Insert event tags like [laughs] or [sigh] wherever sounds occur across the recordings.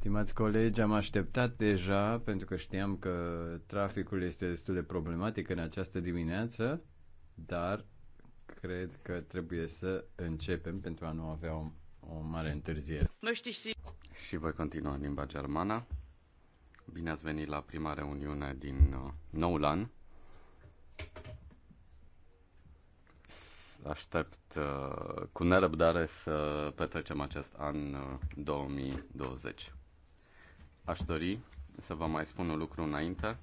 Stimați colegi, am așteptat deja pentru că știam că traficul este destul de problematic în această dimineață, dar cred că trebuie să începem pentru a nu avea o, o mare întârziere. Și voi continua în limba germană. Bine ați venit la prima reuniune din uh, noul an. aștept uh, cu nerăbdare să petrecem acest an 2020. Uh, Aș dori să vă mai spun un lucru înainte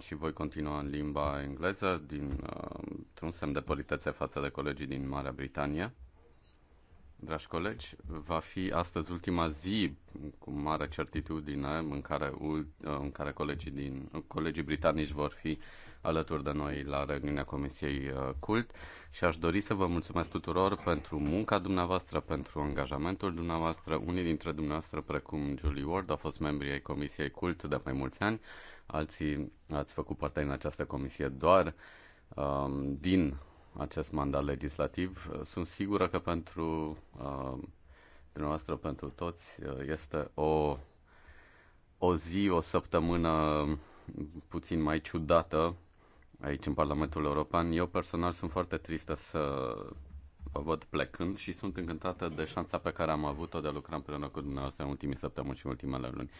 și voi continua în limba engleză din, uh, un semn de politețe față de colegii din Marea Britanie. Dragi colegi, va fi astăzi ultima zi cu mare certitudine în care, în care colegii, din, colegii britanici vor fi uh, alături de noi la reuniunea Comisiei uh, Cult și aș dori să vă mulțumesc tuturor pentru munca dumneavoastră, pentru angajamentul dumneavoastră. Unii dintre dumneavoastră, precum Julie Ward, au fost membri ai Comisiei Cult de mai mulți ani, alții ați făcut parte din această comisie doar um, din acest mandat legislativ. Sunt sigură că pentru uh, dumneavoastră, pentru toți, uh, este o, o zi, o săptămână puțin mai ciudată aici în Parlamentul European. Eu personal sunt foarte tristă să vă văd plecând și sunt încântată de șansa pe care am avut-o de a lucra împreună cu dumneavoastră în ultimii săptămâni și în ultimele luni.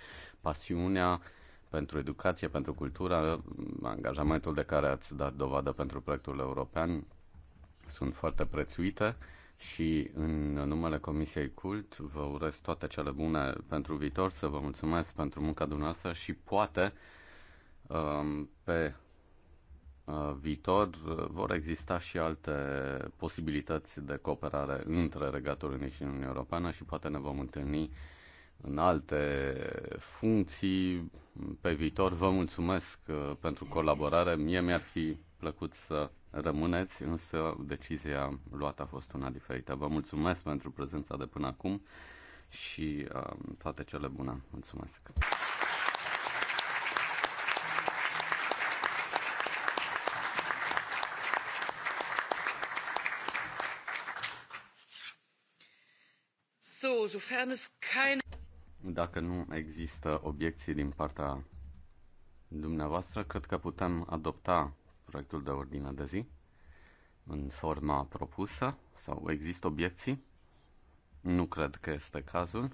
Pasiunea pentru educație, pentru cultură, angajamentul de care ați dat dovadă pentru proiectul european sunt foarte prețuite și în numele Comisiei Cult vă urez toate cele bune pentru viitor, să vă mulțumesc pentru munca dumneavoastră și poate um, pe Uh, viitor uh, vor exista și alte posibilități de cooperare între Regatul Unit și Uniunea Europeană și poate ne vom întâlni în alte funcții pe viitor. Vă mulțumesc uh, pentru colaborare. Mie mi-ar fi plăcut să rămâneți, însă decizia luată a fost una diferită. Vă mulțumesc pentru prezența de până acum și toate cele bune. Mulțumesc! Dacă nu există obiecții din partea dumneavoastră, cred că putem adopta proiectul de ordine de zi în forma propusă sau există obiecții? Nu cred că este cazul.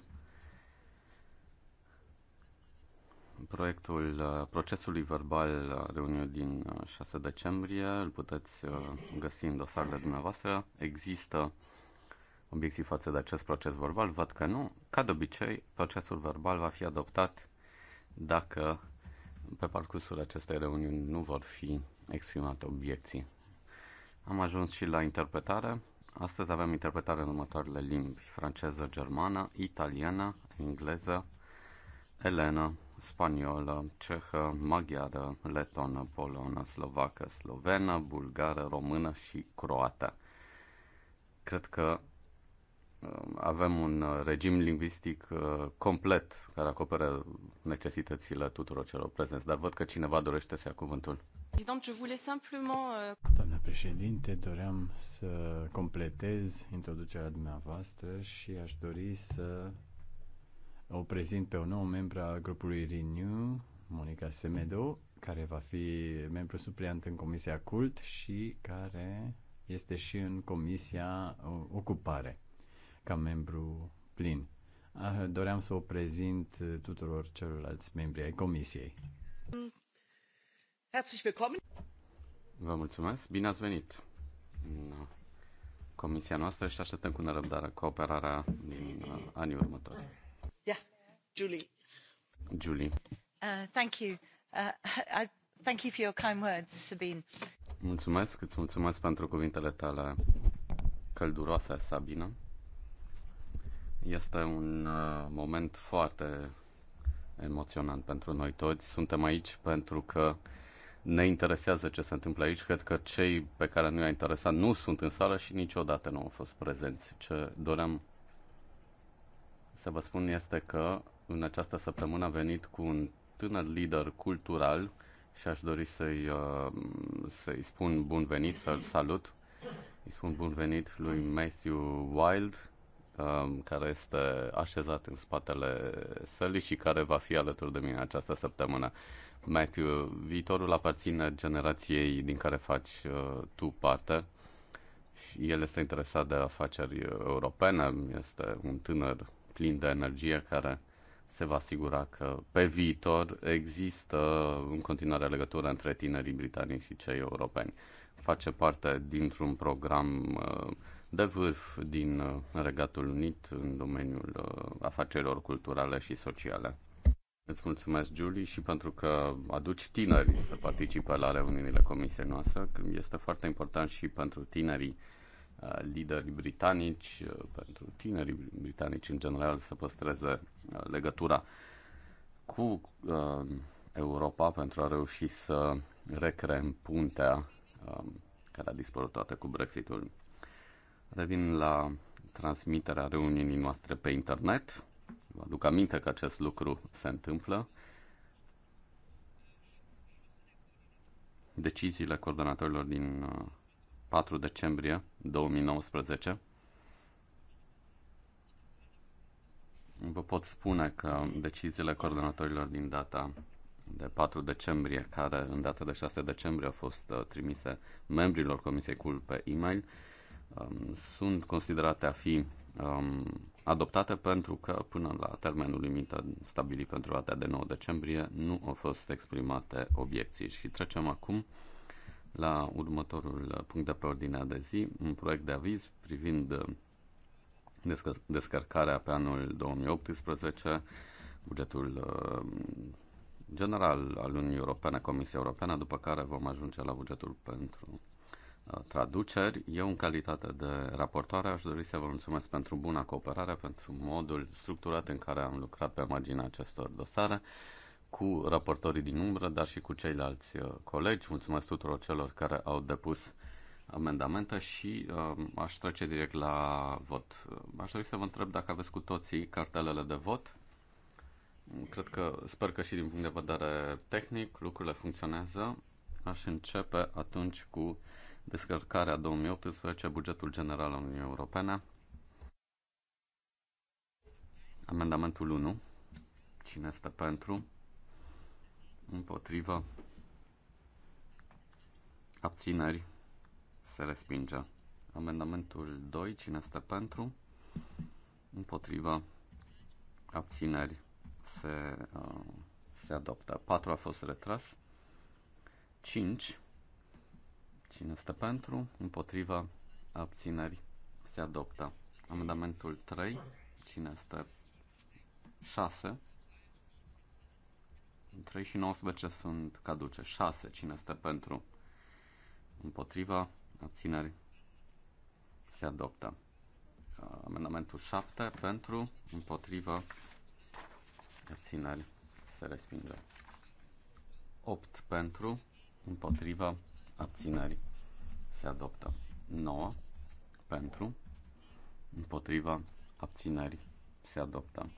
Proiectul uh, procesului verbal uh, reuniu din 6 uh, decembrie îl puteți găsi în dosarele dumneavoastră. Există obiecții față de acest proces verbal? Văd că nu. Ca de obicei, procesul verbal va fi adoptat dacă pe parcursul acestei reuniuni nu vor fi exprimate obiecții. Am ajuns și la interpretare. Astăzi avem interpretare în următoarele limbi franceză, germană, italiană, engleză, elenă, spaniolă, cehă, maghiară, letonă, polonă, slovacă, slovenă, bulgară, română și croată. Cred că Um, avem un uh, regim lingvistic uh, complet care acoperă necesitățile tuturor celor prezenți, dar văd că cineva dorește să ia cuvântul. Uh, Doamna președinte, doream să completez introducerea dumneavoastră și aș dori să o prezint pe o nouă membru a grupului Renew, Monica Semedo, care va fi membru supliant în Comisia Cult și care este și în Comisia Ocupare ca membru plin. Ah, doream să o prezint eh, tuturor celorlalți membri ai comisiei. Herzlich willkommen! Vă mulțumesc, bine ați venit! No. Eh, comisia noastră și așteptăm cu nerăbdare cooperarea din uh, anii următori. Yeah, Julie. Julie. Uh, thank you. Uh, [laughs] I, thank you for your kind words, Sabine. Mulțumesc, îți mulțumesc pentru cuvintele tale călduroase, Sabina. Este un uh, moment foarte emoționant pentru noi toți. Suntem aici pentru că ne interesează ce se întâmplă aici. Cred că cei pe care nu i-a interesat nu sunt în sală și niciodată nu au fost prezenți. Ce doream să vă spun este că în această săptămână a venit cu un tânăr lider cultural și aș dori să-i, uh, să-i spun bun venit, să-l salut. Îi spun bun venit lui Matthew Wild Um, care este așezat în spatele sălii și care va fi alături de mine această săptămână. Matthew, viitorul aparține generației din care faci uh, tu parte. Și el este interesat de afaceri europene, este un tânăr plin de energie care se va asigura că pe viitor există în continuare legătură între tinerii britanici și cei europeni. Face parte dintr-un program uh, de vârf din uh, Regatul Unit în domeniul uh, afacerilor culturale și sociale. Îți mulțumesc, Julie, și pentru că aduci tinerii să participe la reuniunile comisiei noastre. Este foarte important și pentru tinerii uh, lideri britanici, pentru tinerii britanici în general să păstreze legătura cu Europa pentru a reuși să recreăm puntea um, care a dispărut toate cu Brexitul. Revin la transmiterea reuniunii noastre pe internet. Vă aduc aminte că acest lucru se întâmplă. Deciziile coordonatorilor din 4 uh, decembrie 2019 Vă pot spune că deciziile coordonatorilor din data de 4 decembrie, care în data de 6 decembrie au fost uh, trimise membrilor Comisiei CUL pe e-mail, um, sunt considerate a fi um, adoptate pentru că până la termenul limită stabilit pentru data de 9 decembrie nu au fost exprimate obiecții. Și trecem acum la următorul punct de pe ordinea de zi, un proiect de aviz privind uh, descă- descărcarea pe anul 2018, bugetul uh, general al Uniunii Europene, Comisia Europeană, după care vom ajunge la bugetul pentru traduceri. Eu, în calitate de raportoare, aș dori să vă mulțumesc pentru buna cooperare, pentru modul structurat în care am lucrat pe marginea acestor dosare cu raportorii din umbră, dar și cu ceilalți uh, colegi. Mulțumesc tuturor celor care au depus amendamente și uh, aș trece direct la vot. Aș dori să vă întreb dacă aveți cu toții cartelele de vot. Cred că, sper că și din punct de vedere tehnic lucrurile funcționează. Aș începe atunci cu uh, descărcarea 2018, bugetul general al Uniunii Europene. Amendamentul 1. Cine este pentru? Împotrivă? Abțineri? Se respinge. Amendamentul 2. Cine este pentru? Împotrivă? Abțineri? Se, uh, se adoptă. 4 a fost retras. 5 Cine este pentru? Împotriva? Abțineri? Se adoptă. Amendamentul 3. Cine este? 6. 3 și 19 sunt caduce. 6. Cine este pentru? Împotriva? Abțineri? Se adoptă. Amendamentul 7. Pentru? Împotriva? Abțineri? Se respinge. 8 pentru, împotriva, abțineri se adoptă. 9 pentru, împotriva, abțineri se adoptă.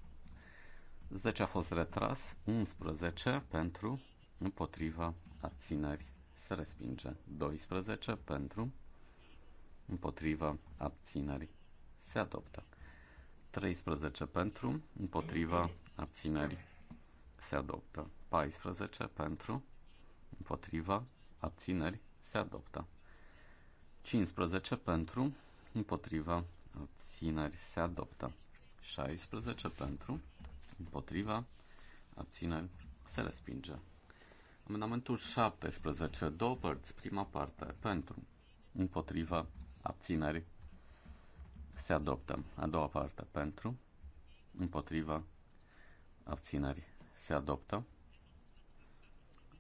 10 a fost retras, 11 pentru, împotriva, abțineri se respinge. 12 pentru, împotriva, abțineri se adoptă. 13 pentru, împotriva, abțineri se adoptă. 14 pentru, împotriva, abțineri se adoptă. 15 pentru, împotriva, abțineri, se adoptă. 16 pentru, împotriva, abțineri, se respinge. Amendamentul 17, două părți, prima parte, pentru, împotriva, abțineri, se adoptă. A doua parte, pentru, împotriva, abțineri, se adoptă.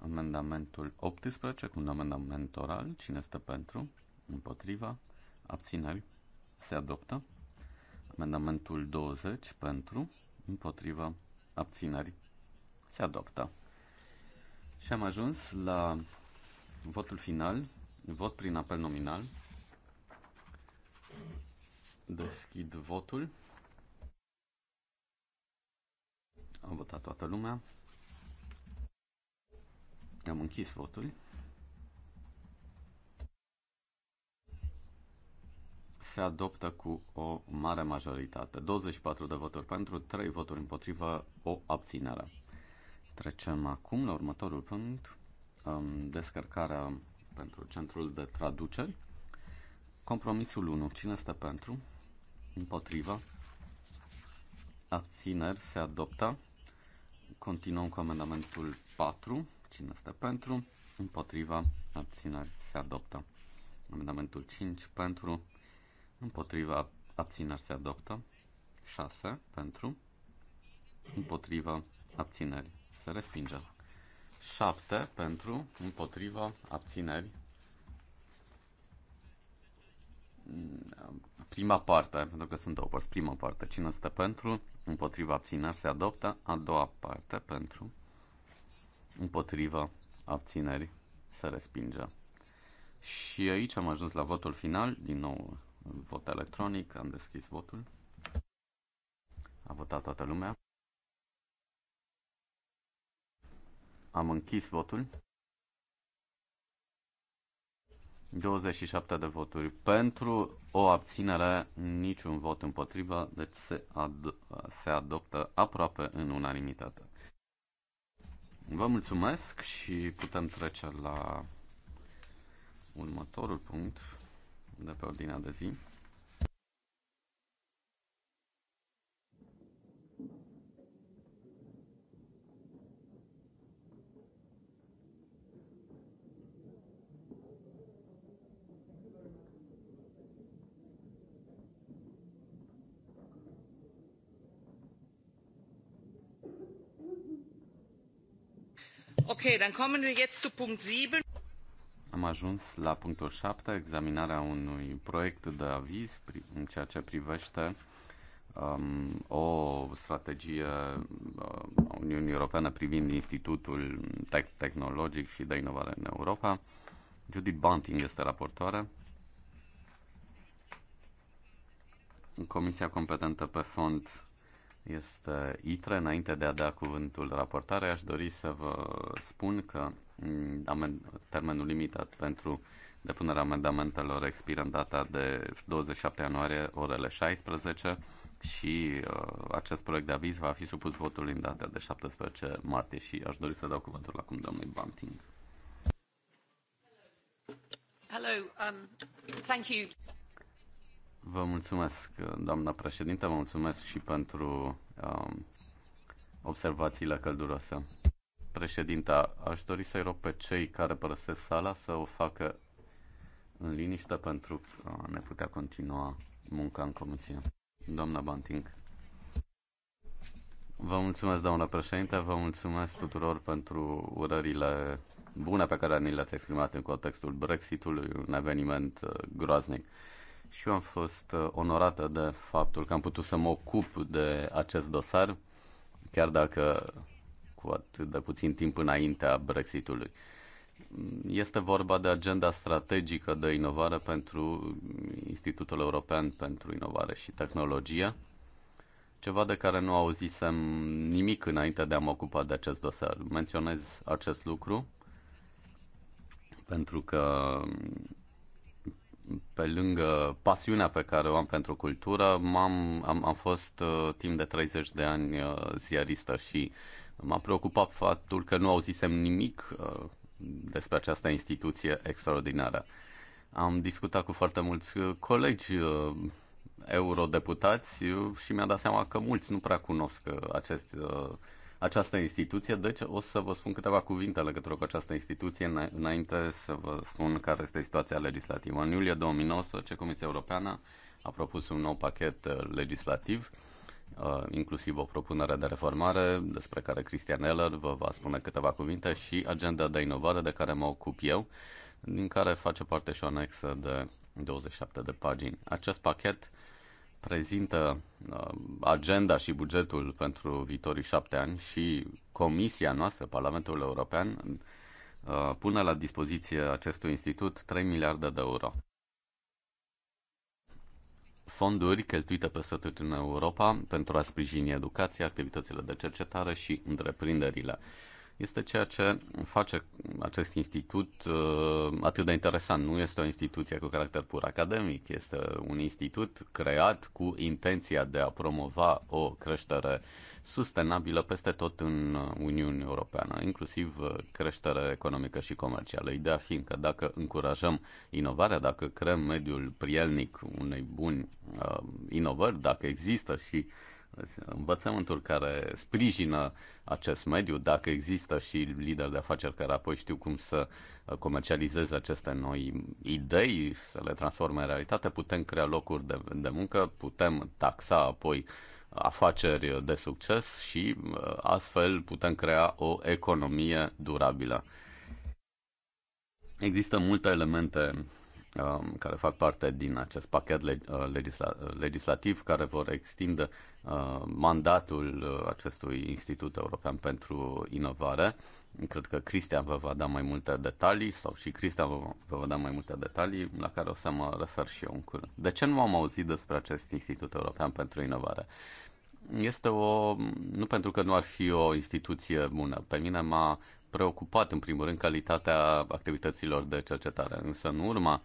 Amendamentul 18 cu un amendament oral. Cine este pentru? Împotriva? Abțineri? Se adoptă. Amendamentul 20 pentru? Împotriva? Abțineri? Se adoptă. Și am ajuns la votul final, vot prin apel nominal. Deschid votul. Am votat toată lumea. Am închis votul. se adoptă cu o mare majoritate. 24 de voturi pentru, 3 voturi împotrivă, o abținere. Trecem acum la următorul punct, descărcarea pentru centrul de traduceri. Compromisul 1. Cine este pentru? Împotrivă. Abțineri se adoptă. Continuăm cu amendamentul 4. Cine este pentru? Împotriva. Abțineri se adoptă. Amendamentul 5 pentru. Împotriva. Abțineri se adoptă. 6 pentru. Împotriva. Abțineri se respinge. 7 pentru. Împotriva. Abțineri prima parte, pentru că sunt două părți, prima parte, cine este pentru, împotriva abțineri se adoptă, a doua parte pentru, împotriva abțineri se respinge. Și aici am ajuns la votul final, din nou vot electronic, am deschis votul. A votat toată lumea. Am închis votul. 27 de voturi pentru, o abținere, niciun vot împotriva, deci se, ad- se adoptă aproape în unanimitate. Vă mulțumesc și putem trece la următorul punct de pe ordinea de zi. Am ajuns la punctul 7, examinarea unui proiect de aviz în ceea ce privește um, o strategie uh, a Uniunii Europene privind Institutul Tec- Tehnologic și de Inovare în Europa. Judith Bunting este raportoare. Comisia competentă pe fond este ITRE. Înainte de a da cuvântul raportare, aș dori să vă spun că mm, termenul limitat pentru depunerea amendamentelor expiră în data de 27 ianuarie, orele 16 și uh, acest proiect de aviz va fi supus votului în data de 17 martie și aș dori să dau cuvântul acum domnului Banting. Hello, um, thank you. Vă mulțumesc, doamna președinte, vă mulțumesc și pentru um, observațiile călduroase. Președinta, aș dori să-i rog pe cei care părăsesc sala să o facă în liniște pentru a ne putea continua munca în comisie. Doamna Banting. Vă mulțumesc, doamna președinte, vă mulțumesc tuturor pentru urările bune pe care ni le-ați exprimat în contextul Brexitului, un eveniment uh, groaznic. Și eu am fost uh, onorată de faptul că am putut să mă ocup de acest dosar, chiar dacă cu atât de puțin timp înaintea Brexitului. Este vorba de agenda strategică de inovare pentru Institutul European pentru Inovare și Tehnologie, ceva de care nu auzisem nimic înainte de a mă ocupa de acest dosar. Menționez acest lucru pentru că pe lângă pasiunea pe care o am pentru cultură, am am, am fost uh, timp de 30 de ani uh, ziaristă și m-a preocupat faptul că nu auzisem nimic uh, despre această instituție extraordinară. Am discutat cu foarte mulți uh, colegi uh, eurodeputați uh, și mi-a dat seama că mulți nu prea cunosc uh, acest uh, această instituție, deci o să vă spun câteva cuvinte legătură cu această instituție înainte să vă spun care este situația legislativă. În iulie 2019, Comisia Europeană a propus un nou pachet uh, legislativ, uh, inclusiv o propunere de reformare despre care Cristian Eller vă va spune câteva cuvinte și agenda de inovare de care mă ocup eu, din care face parte și o anexă de 27 de pagini. Acest pachet prezintă uh, agenda și bugetul pentru viitorii șapte ani și Comisia noastră, Parlamentul European, uh, pune la dispoziție acestui institut 3 miliarde de euro. Fonduri cheltuite peste tot în Europa pentru a sprijini educația, activitățile de cercetare și întreprinderile este ceea ce face acest institut uh, atât de interesant. Nu este o instituție cu caracter pur academic, este un institut creat cu intenția de a promova o creștere sustenabilă peste tot în Uniunea Europeană, inclusiv uh, creștere economică și comercială. Ideea fiind că dacă încurajăm inovarea, dacă creăm mediul prielnic unei buni uh, inovări, dacă există și uh, învățământul care sprijină acest mediu, dacă există și lideri de afaceri care apoi știu cum să comercializeze aceste noi idei, să le transforme în realitate, putem crea locuri de, de muncă, putem taxa apoi afaceri de succes și uh, astfel putem crea o economie durabilă. Există multe elemente Um, care fac parte din acest pachet uh, uh, legislativ care vor extinde uh, mandatul acestui Institut European pentru Inovare. Cred că Cristian vă va da mai multe detalii sau și Cristian vă, vă va da mai multe detalii la care o să mă refer și eu în curând. De ce nu am auzit despre acest Institut European pentru Inovare? Este o... nu pentru că nu ar fi o instituție bună. Pe mine m-a preocupat în primul rând calitatea activităților de cercetare, însă în urma uh,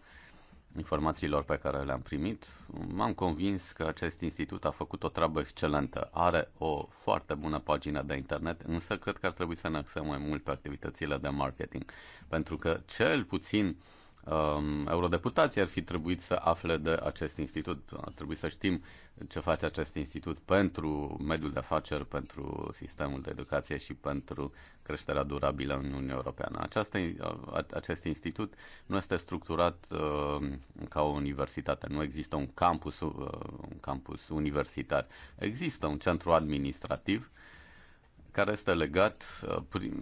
informațiilor pe care le-am primit, m-am convins că acest institut a făcut o treabă excelentă. Are o foarte bună pagină de internet, însă cred că ar trebui să ne axăm mai mult pe activitățile de marketing, pentru că cel puțin uh, Um, eurodeputații ar fi trebuit să afle de acest institut. Ar trebui să știm ce face acest institut pentru mediul de afaceri, pentru sistemul de educație și pentru creșterea durabilă în Uniunea Europeană. Această, acest institut nu este structurat uh, ca o universitate, nu există un campus, uh, un campus universitar. Există un centru administrativ care este legat uh, prin,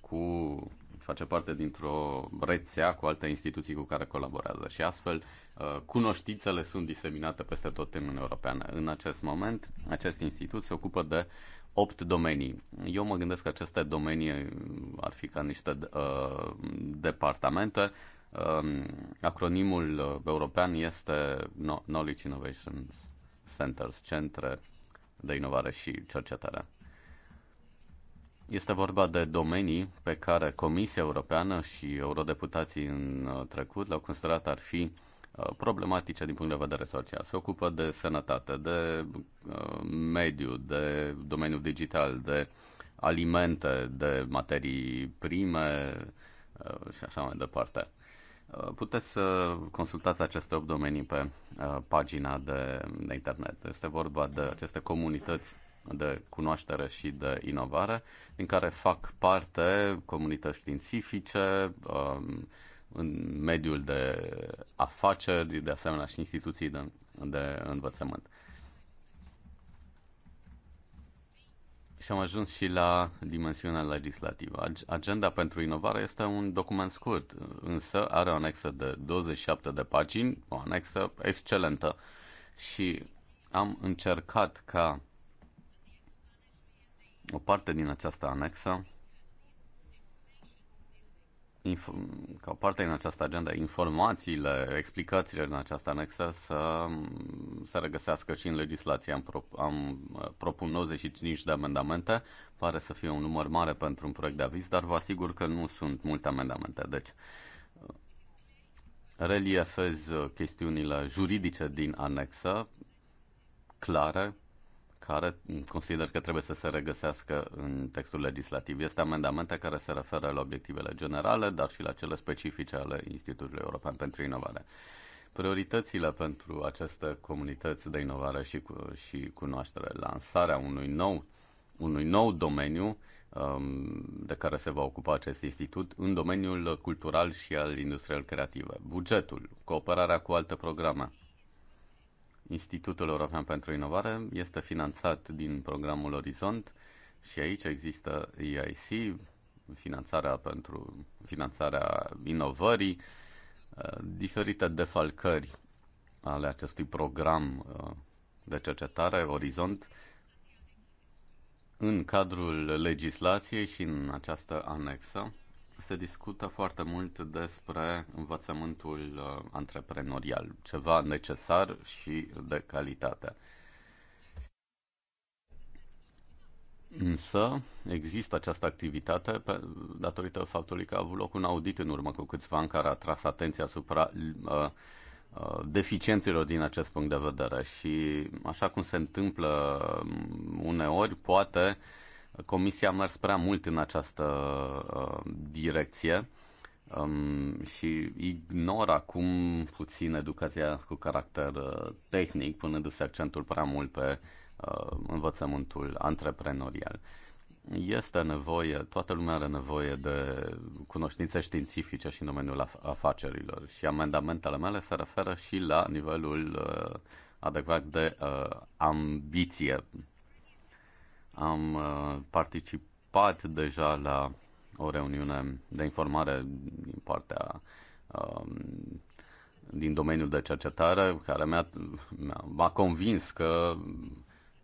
cu face parte dintr-o rețea cu alte instituții cu care colaborează și astfel uh, cunoștințele sunt diseminate peste tot în Uniunea Europeană. În acest moment, acest institut se ocupă de opt domenii. Eu mă gândesc că aceste domenii ar fi ca niște uh, departamente. Um, uh, acronimul european este Knowledge Innovation Centers, centre de inovare și cercetare. Este vorba de domenii pe care Comisia Europeană și eurodeputații în uh, trecut le-au considerat ar fi uh, problematice din punct de vedere social. Se ocupă de sănătate, de uh, mediu, de domeniul digital, de alimente, de materii prime și așa mai departe. Puteți să consultați aceste 8 domenii pe pagina de, internet. Este vorba de aceste comunități de cunoaștere și de inovare, în care fac parte comunități științifice, um, în mediul de afaceri, de asemenea și instituții de, de învățământ. Și am ajuns și la dimensiunea legislativă. Agenda pentru inovare este un document scurt, însă are o anexă de 27 de pagini, o anexă excelentă. Și am încercat ca o parte din această anexă, ca parte din această agenda, informațiile, explicațiile din această anexă să se regăsească și în legislație. Am, pro, am uh, propun 95 de amendamente, pare să fie un număr mare pentru un proiect de aviz, dar vă asigur că nu sunt multe amendamente. Deci, uh, reliefez uh, chestiunile juridice din anexă, clare, care consider că trebuie să se regăsească în textul legislativ. Este amendamente care se referă la obiectivele generale, dar și la cele specifice ale Institutului European pentru Inovare. Prioritățile pentru aceste comunități de inovare și, și cunoaștere, lansarea unui nou, unui nou domeniu um, de care se va ocupa acest institut în domeniul cultural și al industriei creative. Bugetul, cooperarea cu alte programe, Institutul European pentru Inovare este finanțat din programul Orizont și aici există EIC, finanțarea pentru finanțarea inovării, uh, diferite defalcări ale acestui program uh, de cercetare, Orizont, în cadrul legislației și în această anexă se discută foarte mult despre învățământul uh, antreprenorial, ceva necesar și de calitate. Însă există această activitate pe, datorită faptului că a avut loc un audit în urmă cu câțiva ani care a tras atenția asupra uh, uh, deficienților din acest punct de vedere și așa cum se întâmplă mm, uneori, poate uh, Comisia a mers prea mult în această uh, direcție um, și ignoră acum puțin educația cu caracter uh, tehnic, punându-se accentul prea mult pe uh, învățământul antreprenorial. Este nevoie, toată lumea are nevoie de cunoștințe științifice și în domeniul af- afacerilor și amendamentele mele se referă și la nivelul uh, adecvat de uh, ambiție am uh, participat deja la o reuniune de informare din partea um, din domeniul de cercetare care mi-a, m-a convins că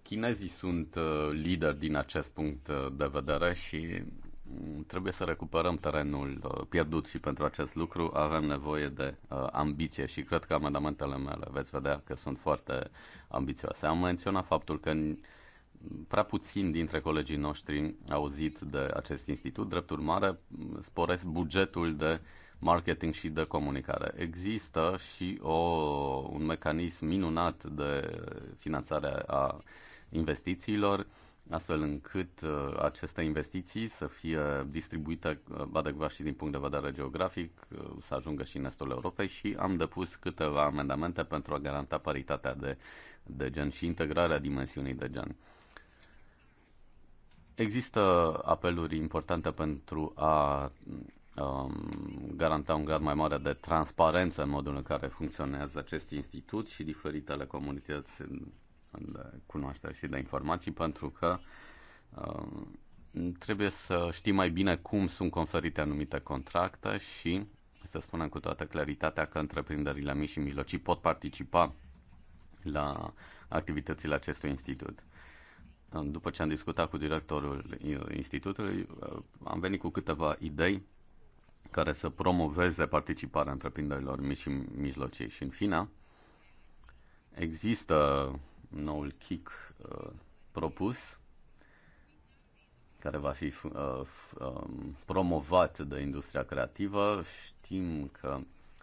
chinezii sunt uh, lideri din acest punct uh, de vedere și mm, trebuie să recuperăm terenul pierdut și pentru acest lucru avem nevoie de ambiție și cred că amendamentele mele veți vedea că sunt foarte ambițioase. Am menționat faptul că prea puțin dintre colegii noștri au auzit de acest institut. Drept urmare, sporesc bugetul de marketing și de comunicare. Există și o, un mecanism minunat de finanțare a investițiilor, astfel încât uh, aceste investiții să fie distribuite uh, adecvat și din punct de vedere geografic, uh, să ajungă și în estul Europei și am depus câteva amendamente pentru a garanta paritatea de, de gen și integrarea dimensiunii de gen. Există apeluri importante pentru a um, garanta un grad mai mare de transparență în modul în care funcționează acest institut și diferitele comunități de cunoaștere și de informații, pentru că um, trebuie să știi mai bine cum sunt conferite anumite contracte și să spunem cu toată claritatea că întreprinderile mici și mijlocii pot participa la activitățile acestui institut după ce am discutat cu directorul uh, institutului, uh, am venit cu câteva idei care să promoveze participarea întreprinderilor mici și mijlocii. Și în fine, există noul kick uh, propus, care va fi uh, um, promovat de industria creativă. Știm că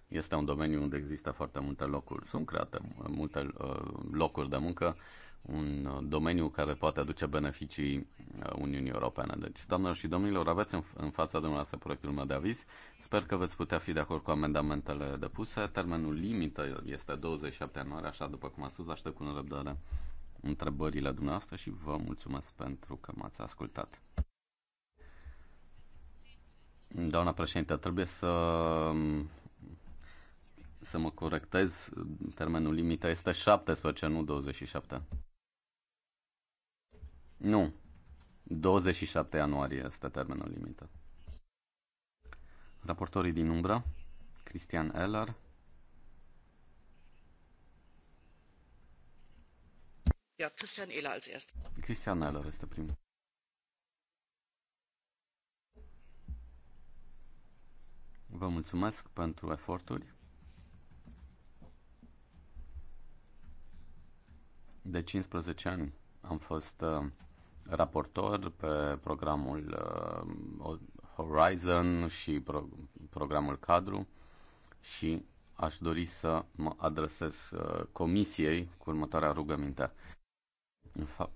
este un domeniu unde există foarte multe locuri, sunt create uh, multe uh, locuri de muncă un uh, domeniu care poate aduce beneficii uh, Uniunii Europene. Deci, doamnelor și domnilor, aveți în, în fața dumneavoastră proiectul meu de aviz. Sper că veți putea fi de acord cu amendamentele depuse. Termenul limită este 27 ianuarie, așa după cum am spus, aștept cu nerăbdare întrebările dumneavoastră și vă mulțumesc pentru că m-ați ascultat. Doamna președinte, trebuie să să mă corectez, termenul limită este 17, nu 27. Nu. 27 ianuarie este termenul limită. Raportorii din umbra, Cristian Eller. Ja, Christian Eller als erst. Christian Eller este primul. Vă mulțumesc pentru eforturi. De 15 ani am fost uh, raportor pe programul uh, Horizon și pro- programul cadru și aș dori să mă adresez uh, comisiei cu următoarea rugăminte. În fapt,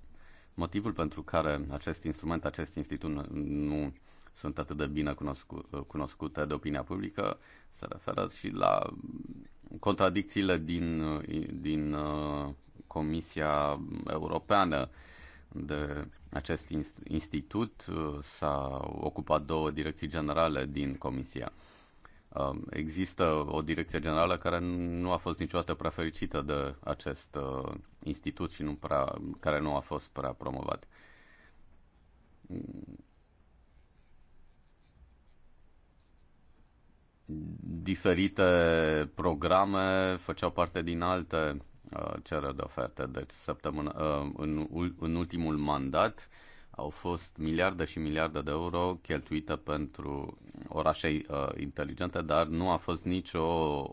motivul pentru care acest instrument, acest institut nu sunt atât de bine cunoscu- uh, cunoscute de opinia publică se referă și la contradicțiile din, uh, din uh, Comisia Europeană de acest institut uh, s-a ocupat două direcții generale din Comisia. Um, există o direcție generală care nu a fost niciodată prea fericită de acest uh, institut și nu prea, care nu a fost prea promovat. Diferite programe făceau parte din alte Uh, cerere de oferte. Deci săptămâna, uh, în, în ultimul mandat au fost miliarde și miliarde de euro cheltuite pentru orașe uh, inteligente, dar nu a fost nicio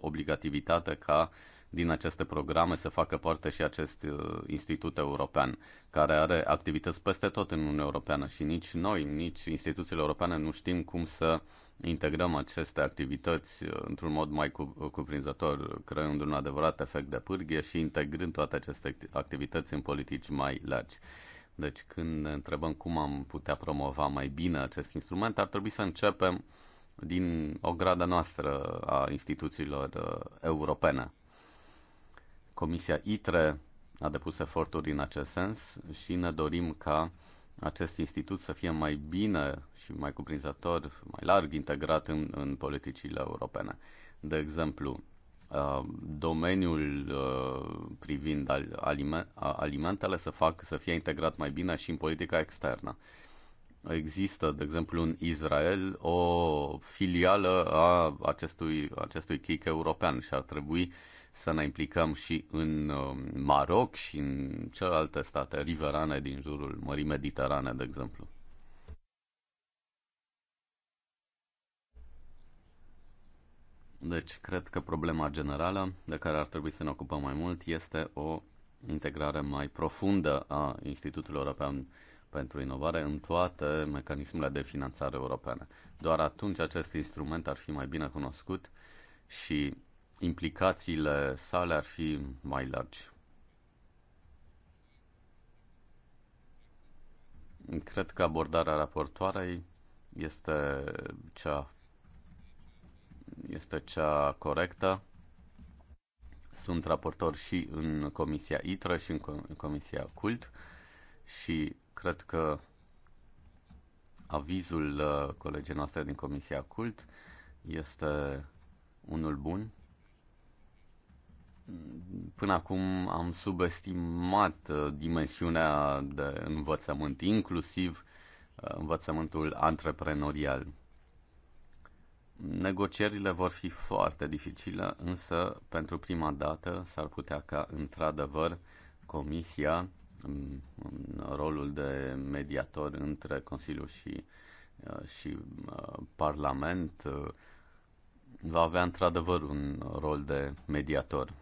obligativitate ca uh, din aceste programe să facă parte și acest uh, institut european, care are activități peste tot în Uniunea Europeană și nici noi, nici instituțiile europene nu știm cum să integrăm aceste activități uh, într-un mod mai cuprinzător, creând un adevărat efect de pârghie și integrând toate aceste activități în politici mai largi. Deci când ne întrebăm cum am putea promova mai bine acest instrument, ar trebui să începem din o gradă noastră a instituțiilor uh, europene. Comisia ITRE a depus eforturi în acest sens și ne dorim ca acest institut să fie mai bine și mai cuprinzător, mai larg integrat în, în politicile europene. De exemplu, uh, domeniul uh, privind alimentele să, fac, să fie integrat mai bine și în politica externă. Există, de exemplu, în Israel o filială a acestui, acestui chic european și ar trebui uh, să ne implicăm și în um, Maroc și în celelalte state riverane din jurul Mării Mediterane, de exemplu. Deci, cred că problema generală de care ar trebui să ne ocupăm mai mult este o integrare mai profundă a Institutului European pentru Inovare în toate mecanismele de finanțare europene. Doar atunci acest instrument ar fi mai bine cunoscut și implicațiile sale ar fi mai largi. Cred că abordarea raportoarei este cea, este cea corectă. Sunt raportor și în Comisia ITRA și în Comisia CULT și cred că avizul uh, colegii noastre din Comisia CULT este unul bun Până acum am subestimat uh, dimensiunea de învățământ, inclusiv uh, învățământul antreprenorial. Negocierile vor fi foarte dificile, însă pentru prima dată s-ar putea ca într-adevăr Comisia, în rolul de mediator între Consiliu și, uh, și Parlament, va avea într-adevăr un rol de mediator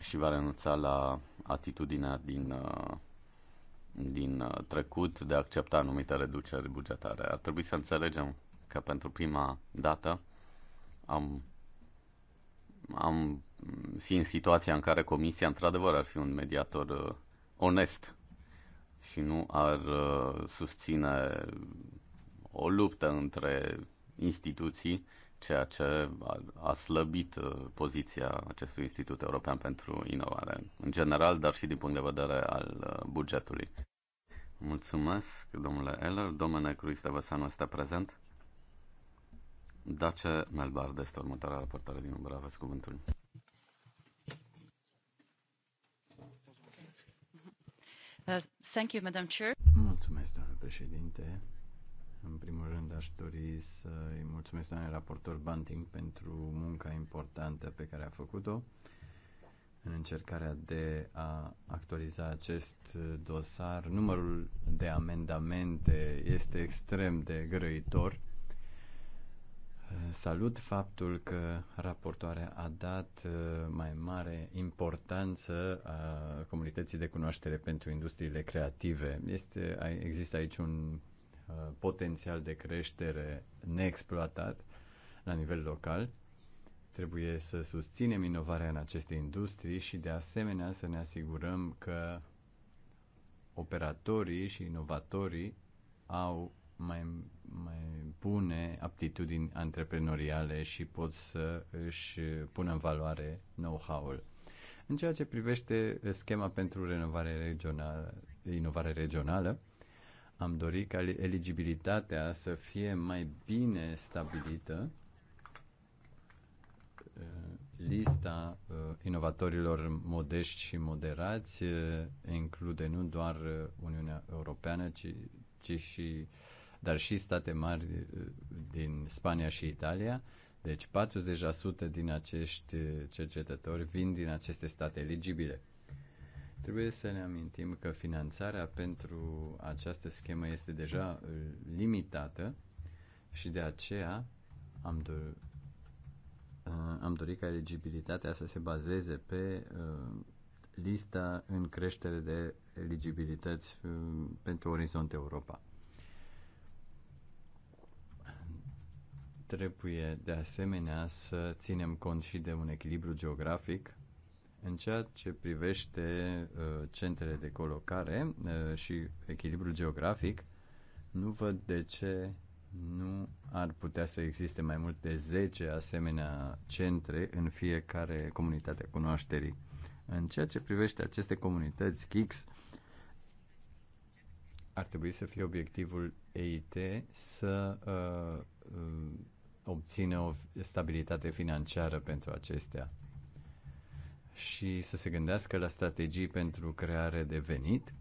și va renunța la atitudinea din, uh, din uh, trecut de a accepta anumite reduceri bugetare. Ar trebui să înțelegem că pentru prima dată am, am fi în situația în care Comisia, într-adevăr, ar fi un mediator uh, onest și nu ar susține o luptă între instituții ceea ce a slăbit uh, poziția acestui Institut European pentru Inovare, în general, dar și din punct de vedere al uh, bugetului. Mulțumesc, domnule Eller. Domnule Cruiste Văsanu este prezent. Dace Melbard este următoarea raportare din Umbra. Aveți cuvântul. Uh, thank you, Madam Chair. Mulțumesc, doamnă președinte. În primul rând aș dori să îi mulțumesc doamnei raportor Banting pentru munca importantă pe care a făcut-o în încercarea de a actualiza acest dosar. Numărul de amendamente este extrem de grăitor. Salut faptul că raportoarea a dat uh, mai mare importanță a uh, comunității de cunoaștere pentru industriile creative. Este, există aici un Uh, potențial de creștere neexploatat la nivel local. Trebuie să susținem inovarea în aceste industrii și de asemenea să ne asigurăm că operatorii și inovatorii au mai, mai bune aptitudini antreprenoriale și pot să își pună în valoare know-how-ul. În ceea ce privește schema pentru renovare regională, inovare regională, am dorit ca eligibilitatea să fie mai bine stabilită uh, lista uh, inovatorilor modești și moderați uh, include nu doar Uniunea Europeană, ci, ci și, dar și state mari din Spania și Italia. Deci 40% din acești cercetători vin din aceste state eligibile. Trebuie să ne amintim că finanțarea pentru această schemă este deja uh, limitată și de aceea am, do- uh, am dorit ca eligibilitatea să se bazeze pe uh, lista în creștere de eligibilități pentru Orizont Europa. Trebuie de asemenea să ținem cont și de un echilibru geografic în ceea ce privește uh, centrele de colocare uh, și echilibrul geografic, nu văd de ce nu ar putea să existe mai mult de 10 asemenea centre în fiecare comunitate a cunoașterii. În ceea ce privește aceste comunități Kix, ar trebui să fie obiectivul EIT să uh, uh, obțină o stabilitate financiară pentru acestea și să se gândească la strategii pentru creare de venit.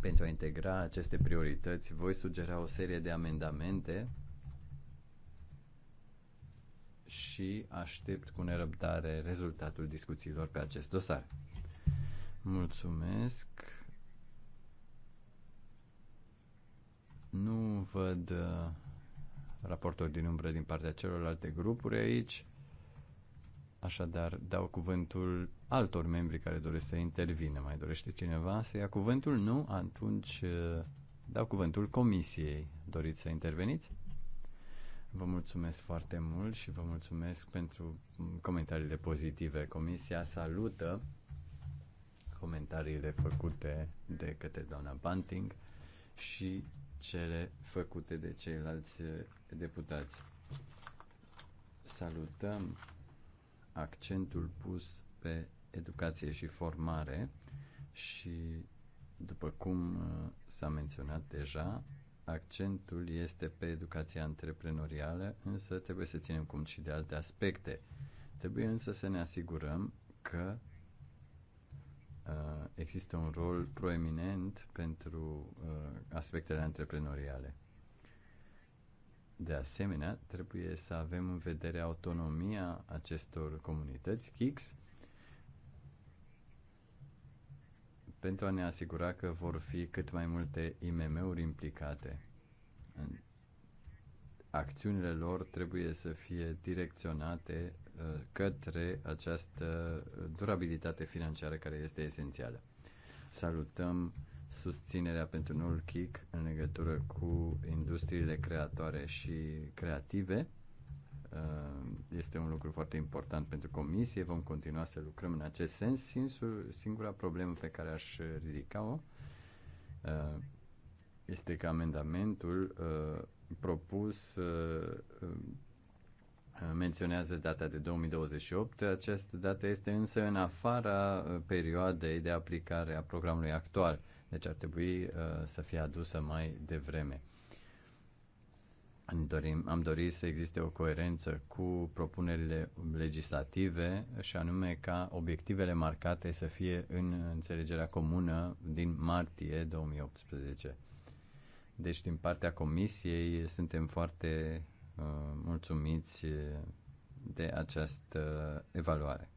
Pentru a integra aceste priorități, voi sugera o serie de amendamente și aștept cu nerăbdare rezultatul discuțiilor pe acest dosar. Mulțumesc. Nu văd uh, raportori din umbră din partea celorlalte grupuri aici. Așadar, dau cuvântul altor membri care doresc să intervină. Mai dorește cineva să ia cuvântul? Nu? Atunci uh, dau cuvântul comisiei. Doriți să interveniți? Vă mulțumesc foarte mult și vă mulțumesc pentru mm, comentariile pozitive. Comisia salută comentariile făcute de către doamna Banting și cele făcute de ceilalți uh, deputați. Salutăm accentul pus pe educație și formare și, după cum uh, s-a menționat deja, accentul este pe educația antreprenorială, însă trebuie să ținem cont și de alte aspecte. Trebuie însă să ne asigurăm că uh, există un rol proeminent pentru uh, aspectele antreprenoriale. De asemenea, trebuie să avem în vedere autonomia acestor comunități KICS pentru a ne asigura că vor fi cât mai multe IMM-uri implicate. Acțiunile lor trebuie să fie direcționate uh, către această durabilitate financiară care este esențială. Salutăm susținerea pentru noul kick în legătură cu industriile creatoare și creative. Uh, este un lucru foarte important pentru comisie, vom continua să lucrăm în acest sens. Singura problemă pe care aș ridica-o uh, este că amendamentul uh, propus menționează data de 2028. Această dată este însă în afara perioadei de aplicare a programului actual deci ar trebui uh, să fie adusă mai devreme. Am dorit, am dorit să existe o coerență cu propunerile legislative și anume ca obiectivele marcate să fie în înțelegerea comună din martie 2018. Deci, din partea Comisiei, suntem foarte uh, mulțumiți de această evaluare.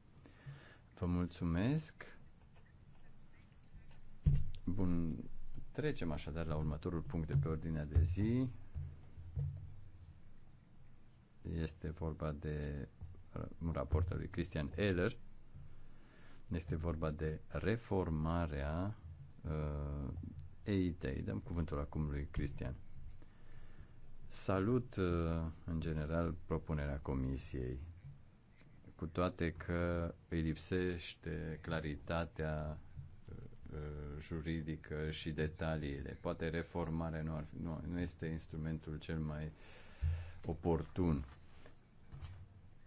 Vă mulțumesc. Bun, trecem așadar la următorul punct de pe ordinea de zi. Este vorba de un raport al lui Christian Eller. Este vorba de reformarea uh, EIT. dăm cuvântul acum lui Cristian. Salut, uh, în general, propunerea comisiei, cu toate că îi lipsește claritatea Uh, juridică și detaliile. Poate reformarea nu, ar, nu, nu este instrumentul cel mai oportun.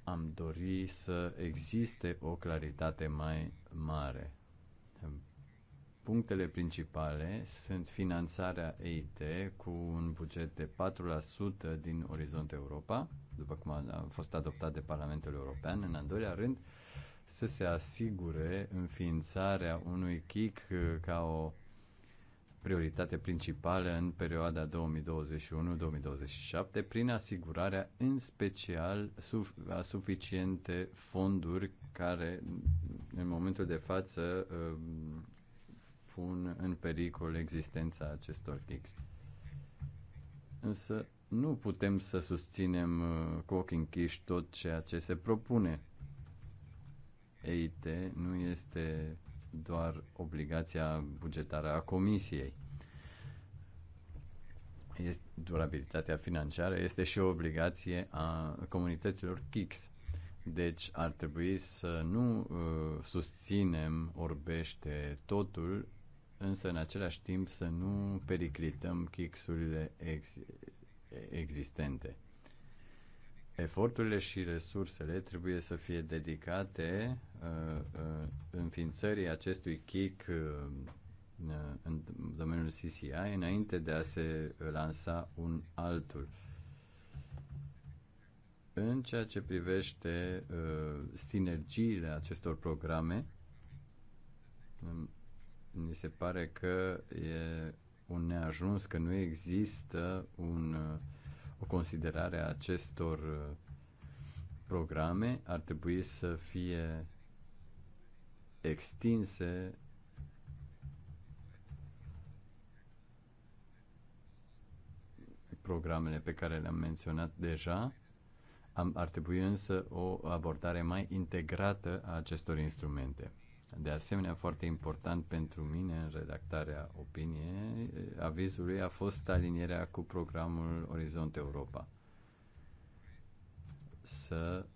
Am dori să existe o claritate mai mare. Punctele principale sunt finanțarea EIT cu un buget de 4% din Orizont Europa, după cum a fost adoptat de Parlamentul European. În al doilea rând, uh, să se asigure înființarea unui KIC uh, ca o prioritate principală în perioada 2021-2027 prin asigurarea în special a suficiente fonduri care în momentul de față um, pun în pericol existența acestor fix. Însă nu putem să susținem uh, cu ochii închiși tot ceea ce se propune. EIT nu este doar obligația bugetară a Comisiei. Este, durabilitatea financiară este și o obligație a comunităților KIX. Deci ar trebui să nu uh, susținem orbește totul, însă în același timp să nu periclităm kicks-urile ex- existente. Eforturile și resursele trebuie să fie dedicate uh, uh, înființării acestui kick uh, uh în domeniul CCI înainte de a se lansa un altul. În ceea ce privește uh, sinergiile acestor programe, mi um, se pare că e un neajuns că nu există un uh, o considerare a acestor uh, programe ar trebui să fie extinse programele pe care le-am menționat deja, am, ar trebui însă o abordare mai integrată a acestor instrumente. De asemenea, foarte important pentru mine în redactarea opiniei avizului a fost alinierea cu programul Orizont Europa. Să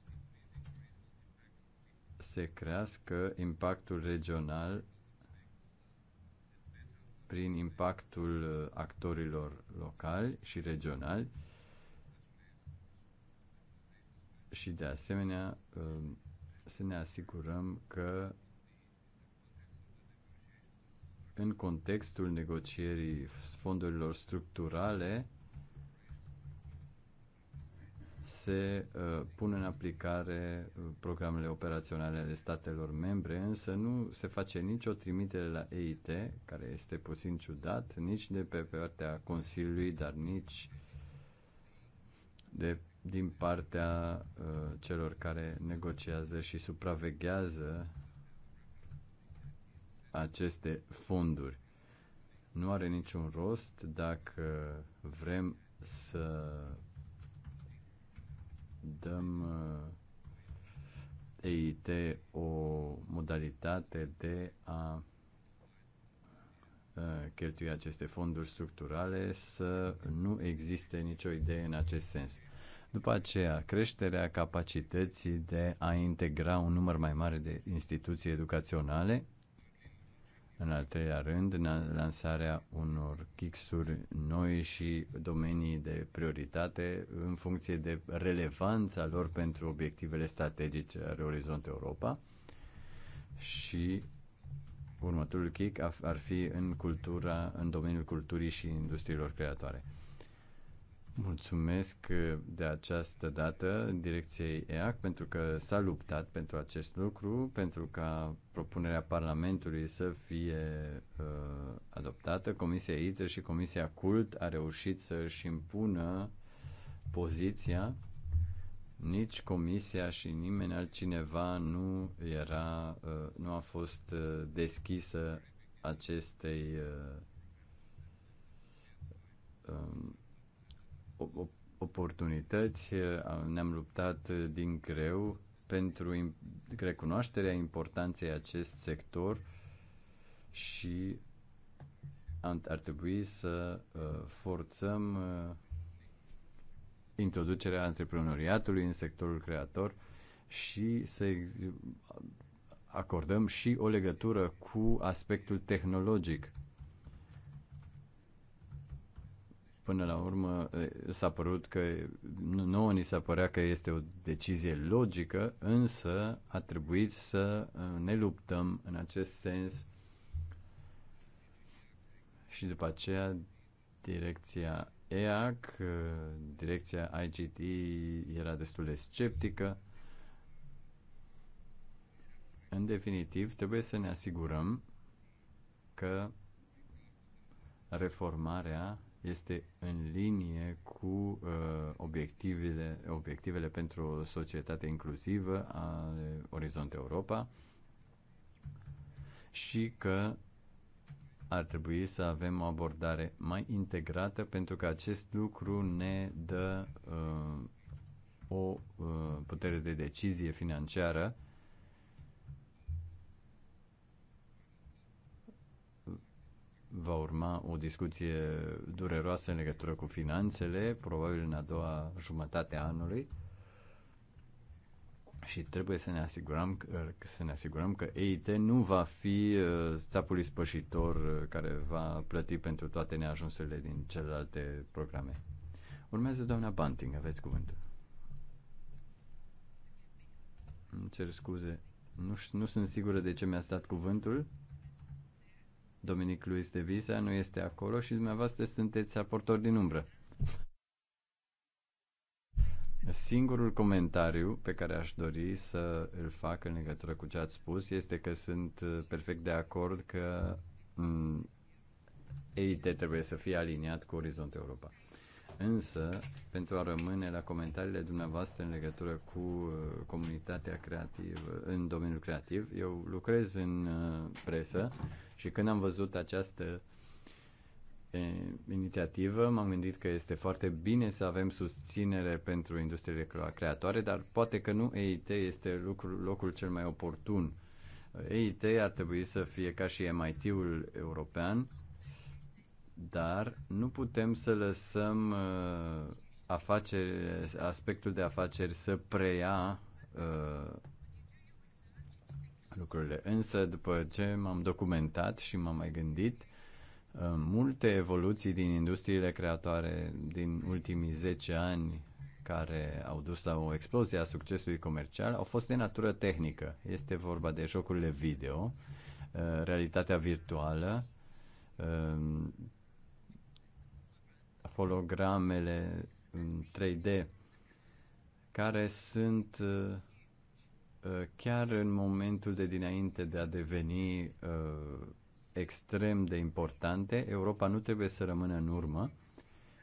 se crească impactul regional prin impactul actorilor locali și regionali și de asemenea să ne asigurăm că în contextul negocierii fondurilor structurale se uh, pun în aplicare uh, programele operaționale ale statelor membre, însă nu se face nicio trimitere la EIT, care este puțin ciudat, nici de pe partea Consiliului, dar nici de, din partea uh, celor care negociază și supraveghează aceste fonduri. Nu are niciun rost dacă vrem să dăm uh, EIT o modalitate de a uh, cheltui aceste fonduri structurale, să nu existe nicio idee în acest sens. După aceea, creșterea capacității de a integra un număr mai mare de instituții educaționale în al treilea rând, lansarea unor kixuri noi și domenii de prioritate în funcție de relevanța lor pentru obiectivele strategice ale Orizont Europa și următorul kick ar fi în cultura, în domeniul culturii și industriilor creatoare. Mulțumesc uh, de această dată direcției EAC pentru că s-a luptat pentru acest lucru, pentru ca propunerea Parlamentului să fie uh, adoptată. Comisia ITER și Comisia CULT a reușit să își impună poziția. Nici Comisia și nimeni altcineva nu era, uh, nu a fost uh, deschisă acestei uh, um, oportunități, eh, ne-am luptat eh, din greu pentru recunoașterea importanței acest sector și ar trebui să eh, forțăm introducerea antreprenoriatului în sectorul creator și să acordăm și o legătură cu aspectul tehnologic Până la urmă s-a părut că nouă ni s-a părea că este o decizie logică, însă a trebuit să ne luptăm în acest sens și după aceea direcția EAC, direcția IGT era destul de sceptică. În definitiv, trebuie să ne asigurăm că reformarea este în linie cu uh, obiectivele, obiectivele pentru o societate inclusivă a Orizont Europa și că ar trebui să avem o abordare mai integrată pentru că acest lucru ne dă uh, o uh, putere de decizie financiară uh, va urma o discuție dureroasă în legătură cu finanțele, probabil în a doua jumătate a anului. Și trebuie să ne asigurăm că, să ne asigurăm că EIT nu va fi uh, țapul spășitor uh, care va plăti pentru toate neajunsurile din celelalte programe. Urmează doamna Banting, aveți cuvântul. Îmi cer scuze, nu, nu sunt sigură de ce mi a dat cuvântul. Dominic Luis de Visa nu este acolo și dumneavoastră sunteți raportor din umbră. Singurul comentariu pe care aș dori să îl fac în legătură cu ce ați spus este că sunt uh, perfect de acord că mm, EIT trebuie să fie aliniat cu Orizont Europa. Însă, pentru a rămâne la comentariile dumneavoastră în legătură cu uh, comunitatea creativă, în domeniul creativ, eu lucrez în uh, presă și când am văzut această inițiativă, m-am gândit că este foarte bine să avem susținere pentru industriile creatoare, dar poate că nu EIT este lucrul, locul cel mai oportun. EIT ar trebui să fie ca și MIT-ul european, dar nu putem să lăsăm uh, afaceri, aspectul de afaceri să preia uh, lucrurile. Însă, după ce m-am documentat și m-am mai gândit, uh, multe evoluții din industriile creatoare din ultimii 10 ani care au dus la o explozie a succesului comercial au fost de natură tehnică. Este vorba de jocurile video, uh, realitatea virtuală, uh, hologramele 3D, care sunt uh, uh, chiar în momentul de dinainte de a deveni uh, extrem de importante, Europa nu trebuie să rămână în urmă.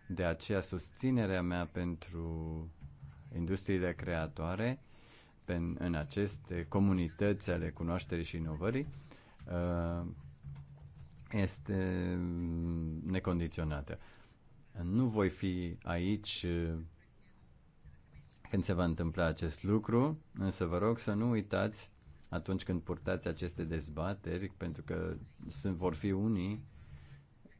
De aceea susținerea mea pentru industriile creatoare în aceste comunități ale cunoașterii și inovării este mm, necondiționată. Nu voi fi aici când se va întâmpla acest lucru, însă vă rog să nu uitați atunci când purtați aceste dezbateri, pentru că sunt, vor fi unii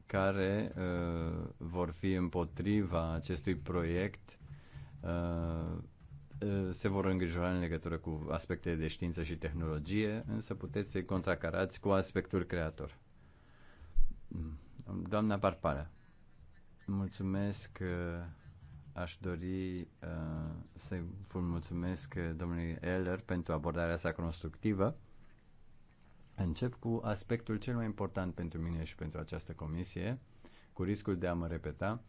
care uh, vor fi împotriva acestui proiect, uh, uh, se vor îngrijora în legătură cu aspectele de știință și tehnologie, însă puteți să-i contracarați cu aspectul creator. Doamna Parpara. Mulțumesc. Uh, aș dori uh, să vă mulțumesc uh, domnului Eller pentru abordarea sa constructivă. Încep cu aspectul cel mai important pentru mine și pentru această comisie, cu riscul de a mă repeta,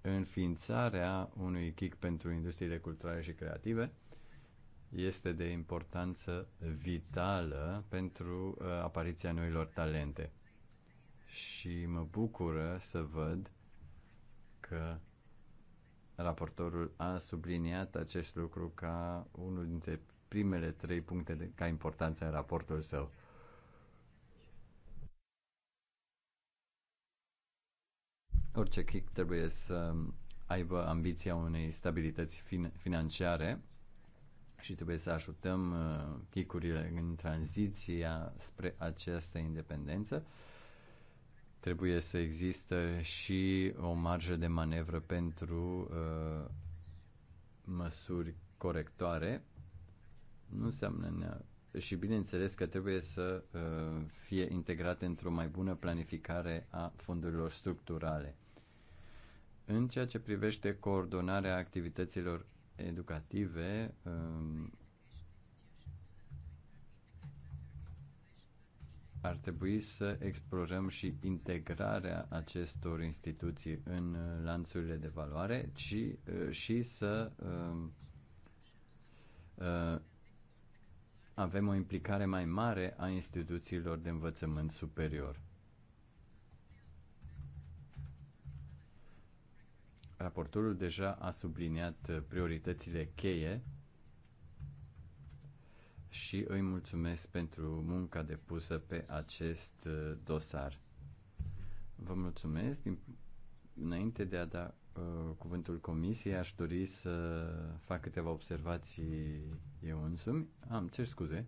înființarea unui kick pentru industriile culturale și creative este de importanță vitală pentru apariția noilor talente. Și mă bucură să văd că raportorul a subliniat acest lucru ca unul dintre primele trei puncte de, ca importanță în raportul său. Orice chic trebuie să aibă ambiția unei stabilități fin- financiare și trebuie să ajutăm uh, chicurile în tranziția spre această independență. Uh, Trebuie să există și o marjă de manevră pentru uh, măsuri corectoare. Nu înseamnă nea... Și bineînțeles că trebuie să uh, fie integrate într-o mai bună planificare a fondurilor structurale. În ceea ce privește coordonarea activităților educative, um, ar trebui să explorăm și integrarea acestor instituții în uh, lanțurile de valoare, ci uh, și să um, uh, avem o implicare mai mare a instituțiilor de învățământ superior. Raportorul deja a subliniat prioritățile cheie și îi mulțumesc pentru munca depusă pe acest uh, dosar. Vă mulțumesc. Din, înainte de a da uh, cuvântul comisiei, aș dori să fac câteva observații eu însumi. Am, cer scuze.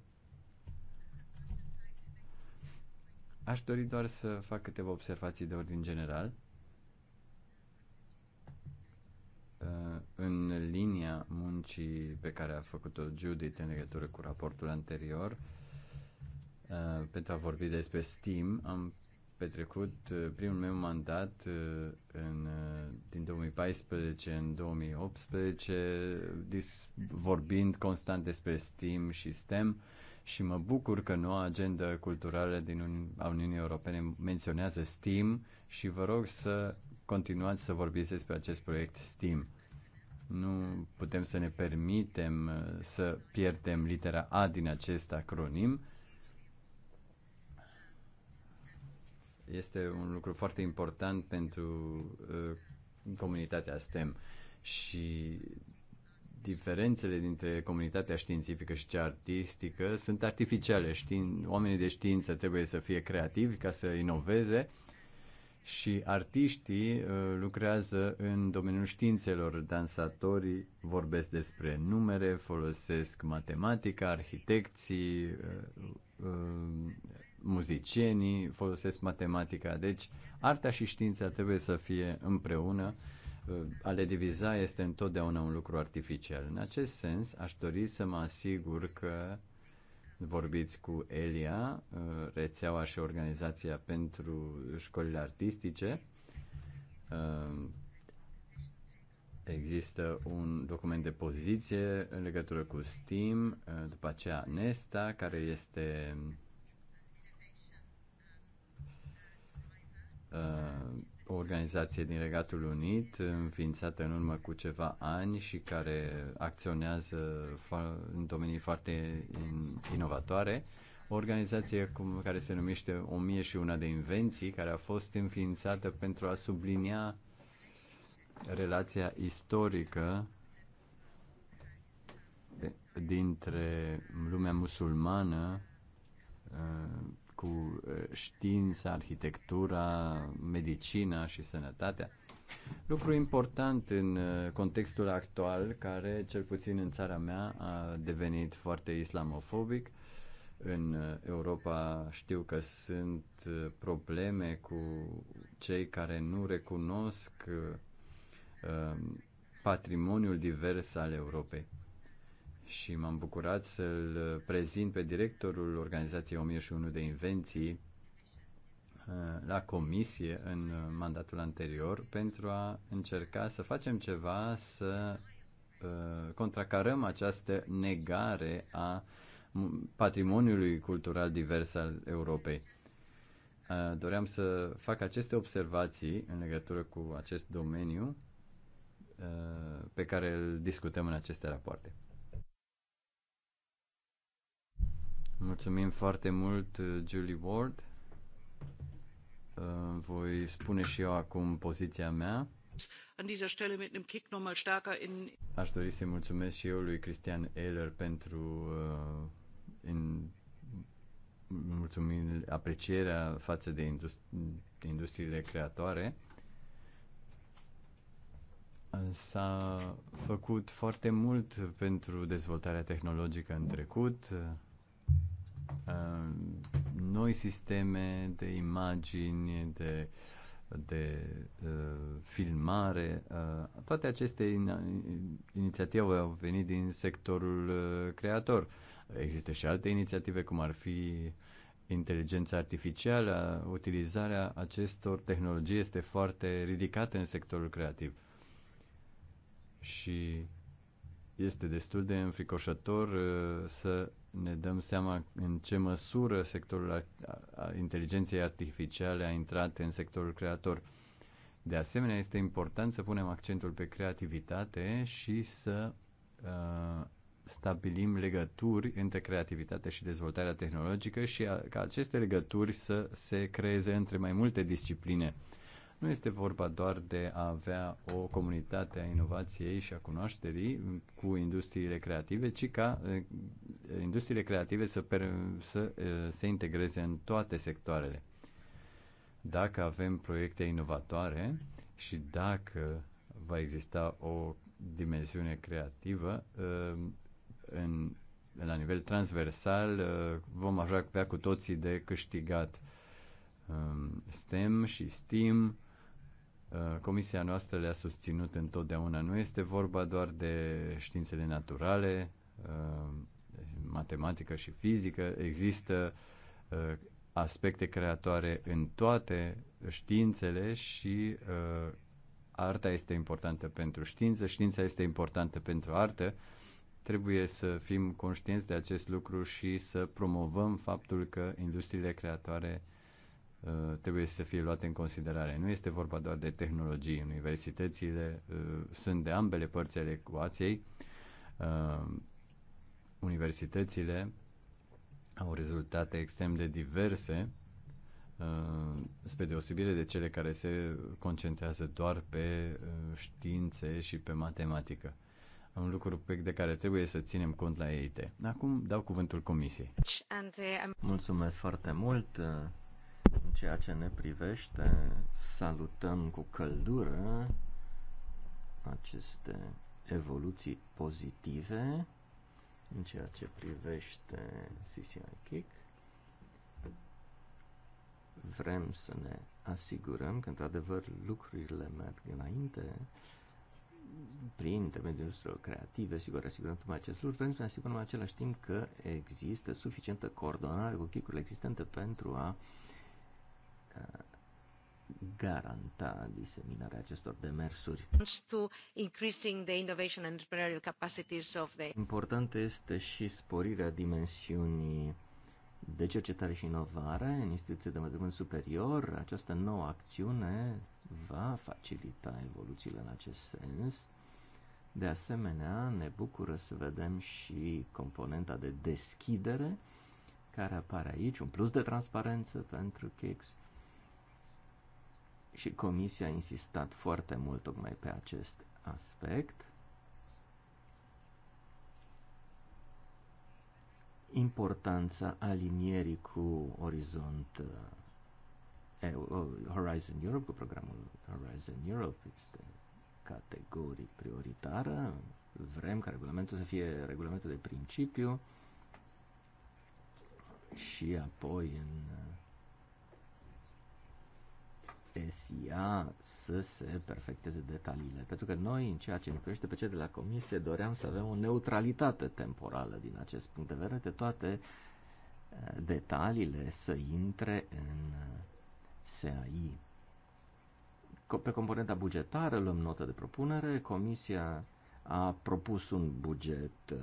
Aș dori doar să fac câteva observații de ordin general. Uh, în linia muncii pe care a făcut-o Judith în legătură cu raportul anterior, uh, pentru a vorbi despre STEAM, am petrecut uh, primul meu mandat în, din 2014 în 2018 dis, vorbind constant despre STEAM și STEM și mă bucur că noua agenda culturală din Uni- a Uniunii Europene menționează STEAM și vă rog să continuați să vorbiți despre acest proiect STEAM. Nu putem să ne permitem uh, să pierdem litera A din acest acronim. Este un lucru foarte important pentru uh, comunitatea STEM și diferențele dintre comunitatea științifică și cea artistică sunt artificiale. Știin, oamenii de știință trebuie să fie creativi ca să inoveze și artiștii uh, lucrează în domeniul științelor. Dansatorii vorbesc despre numere, folosesc matematica, arhitecții, uh, uh, muzicienii folosesc matematica. Deci, arta și știința trebuie să fie împreună. A le diviza este întotdeauna un lucru artificial. În acest sens, aș dori să mă asigur că vorbiți cu Elia, uh, rețeaua și organizația pentru școlile artistice. Uh, există un document de poziție în legătură cu STEAM, uh, după aceea Nesta, care este o organizație din Regatul Unit, înființată în urmă cu ceva ani și care acționează în domenii foarte inovatoare. O organizație cum, care se numește O mie și una de invenții, care a fost înființată pentru a sublinia relația istorică dintre lumea musulmană uh, cu uh, știința, arhitectura, medicina și sănătatea. Lucru important în uh, contextul actual, care, cel puțin în țara mea, a devenit foarte islamofobic. În uh, Europa știu că sunt probleme cu cei care nu recunosc um, patrimoniul divers al Europei și m-am bucurat să-l prezint pe directorul Organizației 1001 de Invenții uh, la comisie în mandatul anterior pentru a încerca să facem ceva să uh, contracarăm această negare a patrimoniului cultural divers al Europei. Uh, doream să fac aceste observații în legătură cu acest domeniu pe care îl discutăm în aceste rapoarte. Mulțumim foarte mult, uh, Julie Ward. Uh, voi spune și eu acum poziția mea. Aș dori să-i mulțumesc și eu lui Cristian Eller pentru uh, in, mulțumim, aprecierea față de industri, industriile creatoare. S-a făcut foarte mult pentru dezvoltarea tehnologică în trecut. Uh, noi sisteme de imagini, de, de uh, filmare. Uh, toate aceste in, inițiative au venit din sectorul uh, creator. Există și alte inițiative, cum ar fi inteligența artificială. Utilizarea acestor tehnologii este foarte ridicată în sectorul creativ. Și este destul de înfricoșător uh, să ne dăm seama în ce măsură sectorul inteligenței artificiale a intrat în sectorul creator. De asemenea, este important să punem accentul pe creativitate și să uh, stabilim legături între creativitate și dezvoltarea tehnologică și a, ca aceste legături să se creeze între mai multe discipline. Uh, nu este vorba doar de a avea o comunitate a inovației și a cunoașterii cu industriile creative, ci ca eh, industriile creative să, per, să eh, se integreze în toate sectoarele. Dacă avem proiecte inovatoare și dacă va exista o dimensiune creativă eh, în, la nivel transversal, vom avea cu toții de câștigat. STEM și STEAM Eh, comisia noastră le-a susținut întotdeauna. Nu este vorba doar de științele naturale, eh, matematică și fizică. Există eh, aspecte creatoare în toate științele și arta este importantă pentru știință, știința este importantă pentru artă. Trebuie să fim conștienți de acest lucru și să promovăm faptul că industriile creatoare Uh, trebuie să fie luate în considerare. Nu este vorba doar de tehnologii. Universitățile uh, sunt de ambele părți ale ecuației. Uh, universitățile au rezultate extrem de diverse, spre deosebire de cele care se concentrează doar pe științe și pe matematică. Un lucru de care trebuie să ținem cont la EIT. Acum dau cuvântul comisiei. Mulțumesc foarte mult ceea ce ne privește, salutăm cu căldură aceste evoluții pozitive în ceea ce privește CCI Kick. Vrem să ne asigurăm că, într-adevăr, lucrurile merg înainte prin intermediul nostru creative, sigur, asigurăm mai acest lucru, vrem să ne asigurăm în același timp că există suficientă coordonare cu chicurile existente pentru a uh, garanta diseminarea acestor demersuri. To increasing the innovation and entrepreneurial capacities of the... este și sporirea dimensiunii de cercetare și inovare în instituții de învățământ superior. Această nouă acțiune va facilita evoluțiile în acest sens. De asemenea, ne bucură să vedem și componenta de deschidere care apare aici, un plus de transparență pentru KICS și Comisia a insistat foarte mult tocmai pe acest aspect. Importanța alinierii cu Orizont eh, eh, Horizon Europe, cu programul Horizon Europe este categoric prioritară. Vrem ca regulamentul să fie regulamentul de principiu și apoi în SIA să se perfecteze detaliile. Pentru că noi, în ceea ce ne privește pe cei de la comisie, doream să avem o neutralitate temporală din acest punct de vedere, de toate eh, detaliile să intre în eh, SAI. Pe componenta bugetară luăm notă de propunere. Comisia a propus un buget eh,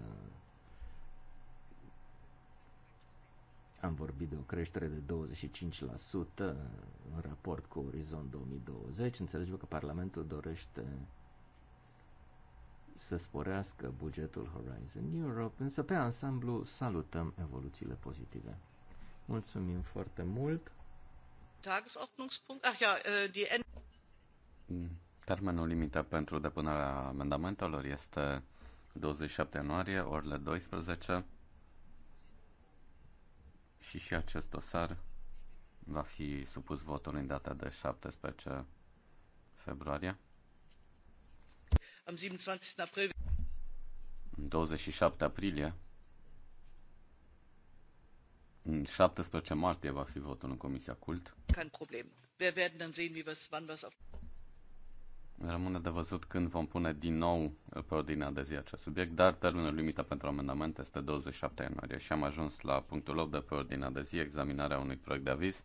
Am vorbit de o creștere de 25% în raport cu Orizont 2020. Înțelegem că Parlamentul dorește să sporească bugetul Horizon Europe, însă pe ansamblu salutăm evoluțiile pozitive. Mulțumim foarte mult! ach ja, äh, die Termenul limită pentru depunerea amendamentelor este 27 ianuarie, orele 12 și și acest dosar va fi supus votului în data de 17 februarie. Am 27 aprilie. 27 aprilie. În 17 martie va fi votul în Comisia Cult. Kein Problem. Wir werden dann sehen, wie was, wann was auf... Rămâne de văzut când vom pune din nou pe ordinea de zi acest subiect, dar termenul limită pentru amendament este 27 ianuarie și am ajuns la punctul 8 de pe ordinea de zi, examinarea unui proiect de aviz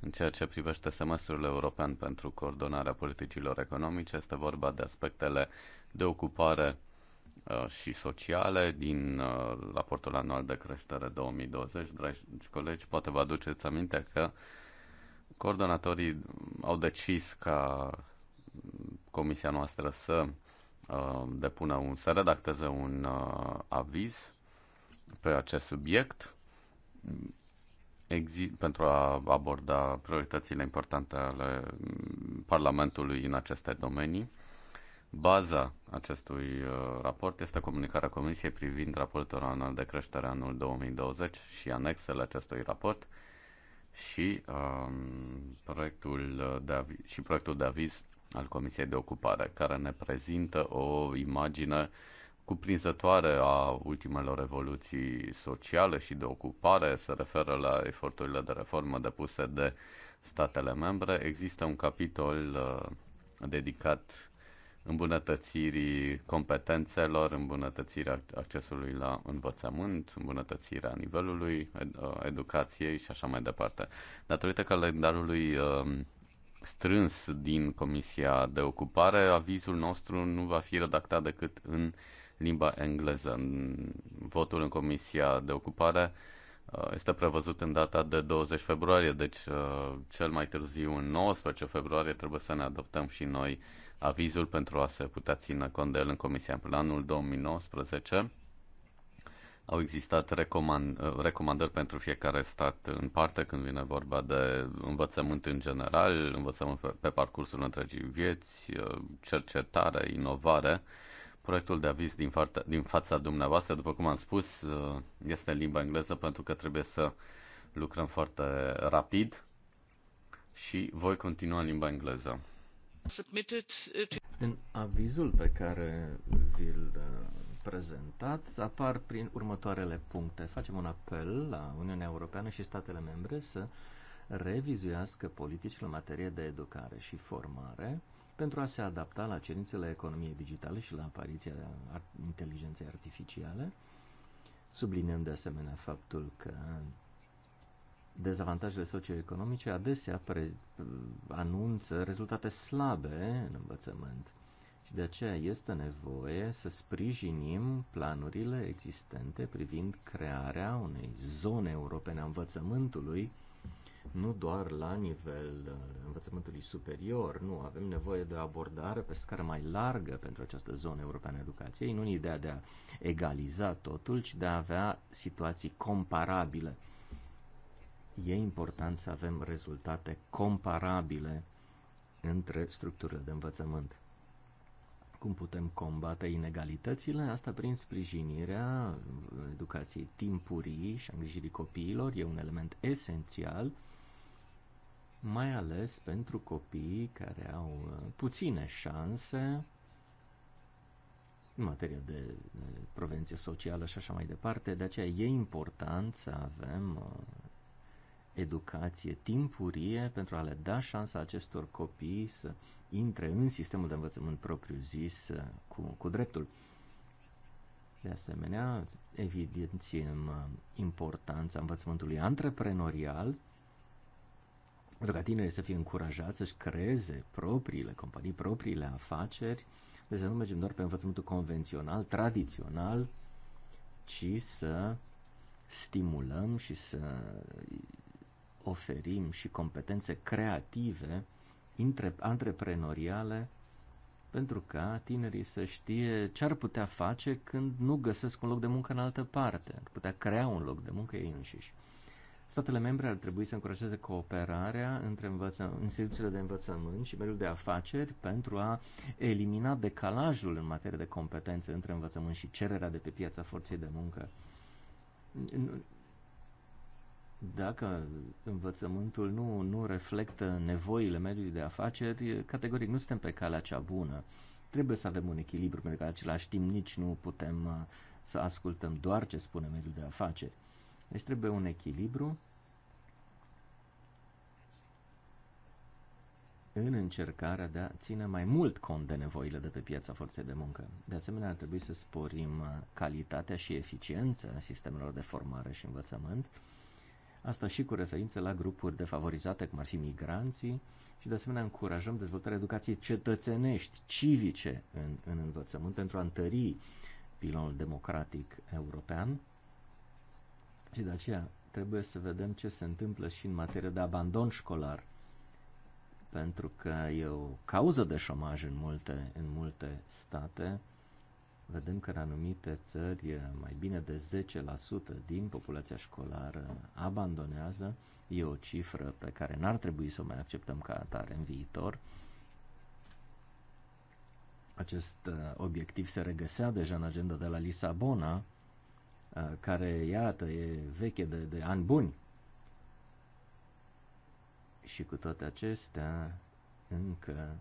în ceea ce privește semestrul european pentru coordonarea politicilor economice. Este vorba de aspectele de ocupare uh, și sociale din uh, raportul anual de creștere 2020. Dragi colegi, poate vă aduceți aminte că coordonatorii au decis ca comisia noastră să uh, depună un, să redacteze un uh, aviz pe acest subiect exi- pentru a aborda prioritățile importante ale Parlamentului în aceste domenii. Baza acestui uh, raport este comunicarea Comisiei privind raportul anual de creștere anul 2020 și anexele acestui raport și, um, proiectul de aviz, și proiectul de aviz al Comisiei de Ocupare, care ne prezintă o imagine cuprinzătoare a ultimelor evoluții sociale și de ocupare, se referă la eforturile de reformă depuse de statele membre. Există un capitol uh, dedicat îmbunătățirii competențelor, îmbunătățirea accesului la învățământ, îmbunătățirea nivelului uh, educației și așa mai departe. Datorită calendarului uh, strâns din Comisia de Ocupare, avizul nostru nu va fi redactat decât în limba engleză. Votul în Comisia de Ocupare uh, este prevăzut în data de 20 februarie, deci uh, cel mai târziu în 19 februarie trebuie să ne adoptăm și noi avizul pentru a se putea ține cont de el în Comisia în anul 2019 au existat recomand, recomandări pentru fiecare stat în parte când vine vorba de învățământ în general, învățământ pe, pe parcursul întregii vieți, cercetare, inovare. Proiectul de aviz din, farta, din fața dumneavoastră, după cum am spus, este în limba engleză pentru că trebuie să lucrăm foarte rapid și voi continua în limba engleză. În avizul pe care vi-l prezentat apar prin următoarele puncte. Facem un apel la Uniunea Europeană și statele membre să revizuiască politicile în materie de educare și formare pentru a se adapta la cerințele economiei digitale și la apariția inteligenței artificiale. Subliniem de asemenea faptul că dezavantajele socioeconomice adesea pre- anunță rezultate slabe în învățământ. Și de aceea este nevoie să sprijinim planurile existente privind crearea unei zone europene a învățământului, nu doar la nivel uh, învățământului superior, nu, avem nevoie de o abordare pe scară mai largă pentru această zonă europeană a educației, nu în ideea de a egaliza totul, ci de a avea situații comparabile. E important să avem rezultate comparabile între structurile de învățământ cum putem combate inegalitățile, asta prin sprijinirea educației timpurii și îngrijirii copiilor, e un element esențial, mai ales pentru copiii care au uh, puține șanse în materie de uh, prevenție socială și așa mai departe, de aceea e important să avem uh, educație timpurie pentru a le da șansa acestor copii să intre în sistemul de învățământ propriu-zis uh, cu, cu dreptul. De asemenea, evidențiem uh, importanța învățământului antreprenorial, pentru ca tinerii să fie încurajați să-și creeze propriile companii, propriile afaceri, deci să nu mergem doar pe învățământul convențional, tradițional, ci să stimulăm și să oferim și competențe creative, antreprenoriale, pentru ca tinerii să știe ce ar putea face când nu găsesc un loc de muncă în altă parte, ar putea crea un loc de muncă ei înșiși. Statele membre ar trebui să încurajeze cooperarea între învăță- instituțiile de învățământ și mediul de afaceri pentru a elimina decalajul în materie de competențe între învățământ și cererea de pe piața forței de muncă dacă învățământul nu, nu reflectă nevoile mediului de afaceri, categoric nu suntem pe calea cea bună. Trebuie să avem un echilibru, pentru că același timp nici nu putem uh, să ascultăm doar ce spune mediul de afaceri. Deci trebuie un echilibru în încercarea de a ține mai mult cont de nevoile de pe piața forței de muncă. De asemenea, ar trebui să sporim uh, calitatea și eficiența sistemelor de formare și învățământ, Asta și cu referință la grupuri defavorizate, cum ar fi migranții, și de asemenea încurajăm dezvoltarea educației cetățenești, civice în, în învățământ pentru a întări pilonul democratic european. Și de aceea trebuie să vedem ce se întâmplă și în materie de abandon școlar, pentru că e o cauză de șomaj în multe, în multe state vedem că în anumite țări mai bine de 10% din populația școlară abandonează. E o cifră pe care n-ar trebui să o mai acceptăm ca atare în viitor. Acest uh, obiectiv se regăsea deja în agenda de la Lisabona, uh, care, iată, e veche de, de ani buni. Și cu toate acestea, încă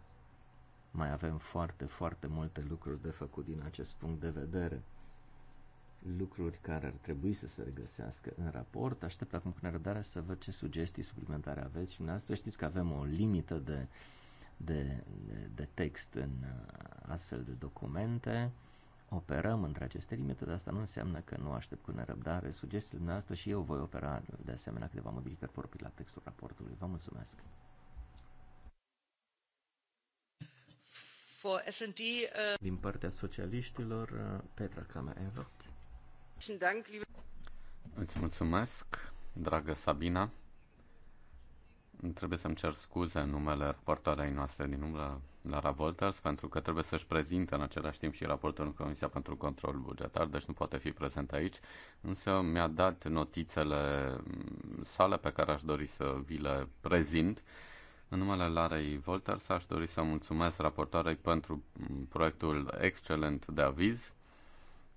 mai avem foarte, foarte multe lucruri de făcut din acest punct de vedere. Lucruri care ar trebui să se regăsească în raport. Aștept acum cu nerăbdare să văd ce sugestii suplimentare aveți și dumneavoastră știți că avem o limită de, de, de, de text în uh, astfel de documente operăm între aceste limite, dar asta nu înseamnă că nu aștept cu nerăbdare sugestiile dumneavoastră și eu voi opera de asemenea câteva modificări proprii la textul raportului. Vă mulțumesc! For S&D, uh... Äh, din partea socialiștilor, uh, Petra Kramer-Evert. Îți mulțumesc, dragă Sabina. Trebuie să-mi cer scuze în numele raportoarei noastre din umbră, Lara Volters, pentru că trebuie să-și prezinte în același timp și raportul în Comisia pentru Control Bugetar, deci nu poate fi prezent aici, însă mi-a dat notițele sale pe care aș dori să vi le prezint. Uh, în numele Larei Volters aș dori să mulțumesc raportoarei pentru proiectul excelent de aviz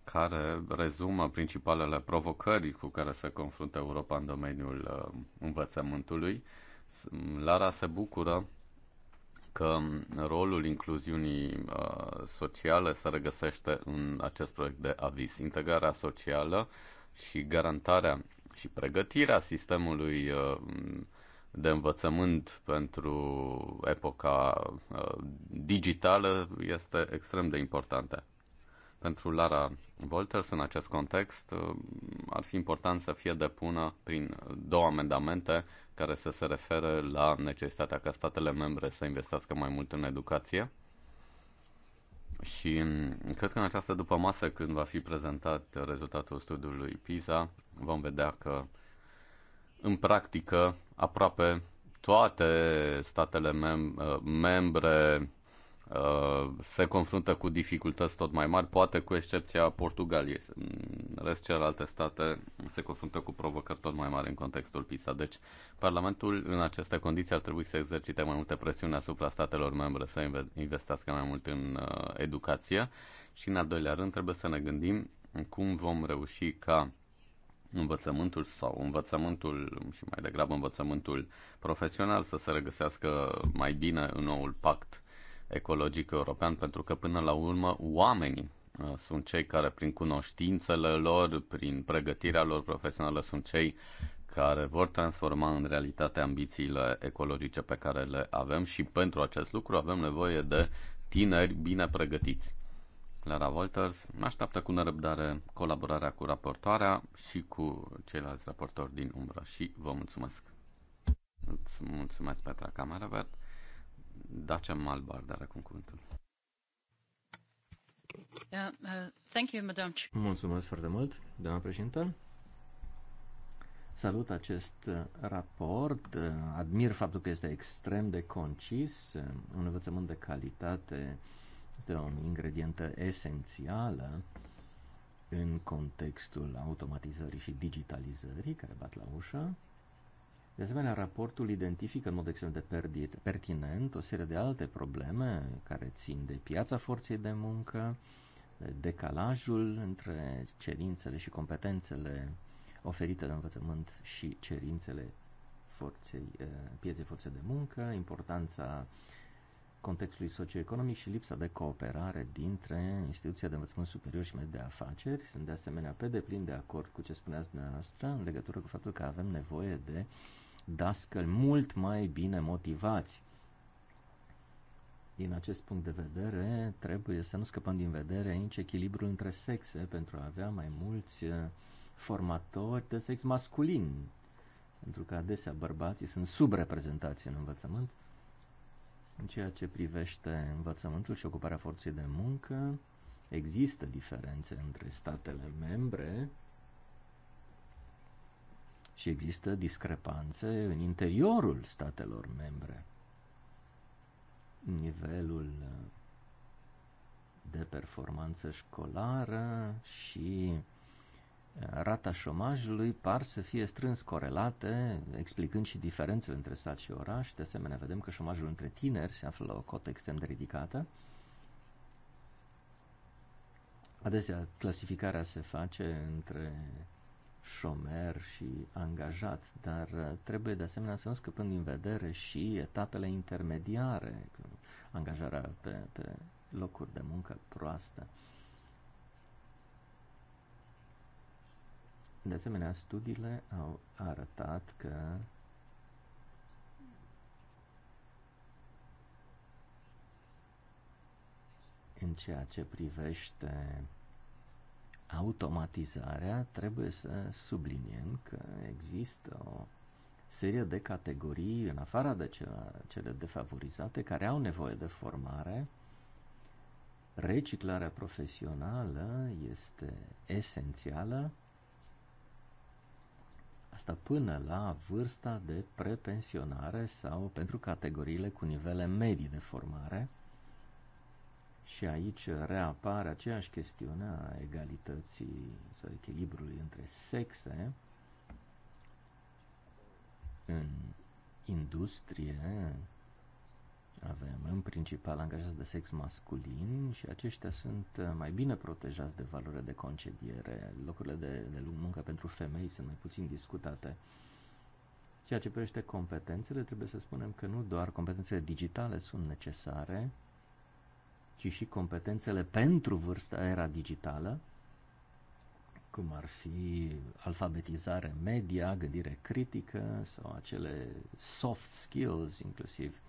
care rezumă principalele provocări cu care se confruntă Europa în domeniul uh, învățământului. Lara se bucură că rolul incluziunii uh, sociale se regăsește în acest proiect de aviz. Integrarea socială și garantarea și pregătirea sistemului uh, de învățământ pentru epoca uh, digitală este extrem de importantă. Pentru Lara Wolters, în acest context, uh, ar fi important să fie depună prin două amendamente care să se refere la necesitatea ca statele membre să investească mai mult în educație. Și mm, cred că în această după masă, când va fi prezentat rezultatul studiului PISA, vom vedea că în practică aproape toate statele mem- uh, membre uh, se confruntă cu dificultăți tot mai mari, poate cu excepția Portugaliei. În rest, celelalte state se confruntă cu provocări tot mai mari în contextul PISA. Deci, Parlamentul, în aceste condiții, ar trebui să exercite mai multe presiuni asupra statelor membre să investească mai mult în uh, educație. Și, în al doilea rând, trebuie să ne gândim cum vom reuși ca învățământul sau învățământul și mai degrabă învățământul profesional să se regăsească mai bine în noul pact ecologic european, pentru că până la urmă oamenii uh, sunt cei care prin cunoștințele lor, prin pregătirea lor profesională sunt cei care vor transforma în realitate ambițiile ecologice pe care le avem și pentru acest lucru avem nevoie de tineri bine pregătiți. Lara Walters așteaptă cu nerăbdare colaborarea cu raportoarea și cu ceilalți raportori din umbră și vă mulțumesc. Îți mulțumesc, Petra Camerevert. Dacia Malbar, dar acum cuvântul. Yeah, uh, thank you, Madam. Mulțumesc foarte mult, doamna președintă. Salut acest uh, raport, admir faptul că este extrem de concis, uh, un învățământ de calitate uh, este o ingredientă esențială în contextul automatizării și digitalizării care bat la ușă. De asemenea, raportul identifică în mod extrem de pertinent o serie de alte probleme care țin de piața forței de muncă, de decalajul între cerințele și competențele oferite de învățământ și cerințele forței, eh, pieței forței de muncă, importanța contextului socioeconomic și lipsa de cooperare dintre instituția de învățământ superior și mediul de afaceri. Sunt de asemenea pe deplin de acord cu ce spuneați dumneavoastră în legătură cu faptul că avem nevoie de dascăl mult mai bine motivați. Din acest punct de vedere, trebuie să nu scăpăm din vedere nici echilibrul între sexe pentru a avea mai mulți uh, formatori de sex masculin, pentru că adesea bărbații sunt subreprezentați în învățământ. În ceea ce privește învățământul și ocuparea forței de muncă, există diferențe între statele membre și există discrepanțe în interiorul statelor membre. Nivelul de performanță școlară și rata șomajului par să fie strâns corelate, explicând și diferențele între sat și oraș. De asemenea, vedem că șomajul între tineri se află la o cotă extrem de ridicată. Adesea, clasificarea se face între șomer și angajat, dar trebuie de asemenea să nu scăpăm din vedere și etapele intermediare, angajarea pe, pe locuri de muncă proaste. De asemenea, studiile au arătat că în ceea ce privește automatizarea, trebuie să subliniem că există o serie de categorii, în afara de cele defavorizate, care au nevoie de formare. Reciclarea profesională este esențială Asta până la vârsta de prepensionare sau pentru categoriile cu nivele medii de formare. Și aici reapare aceeași chestiune a egalității sau echilibrului între sexe în industrie, avem în principal angajați de sex masculin și aceștia sunt uh, mai bine protejați de valoarea de concediere. Locurile de, de muncă pentru femei sunt mai puțin discutate. Ceea ce privește competențele, trebuie să spunem că nu doar competențele digitale sunt necesare, ci și competențele pentru vârsta era digitală, cum ar fi alfabetizare media, gândire critică sau acele soft skills, inclusiv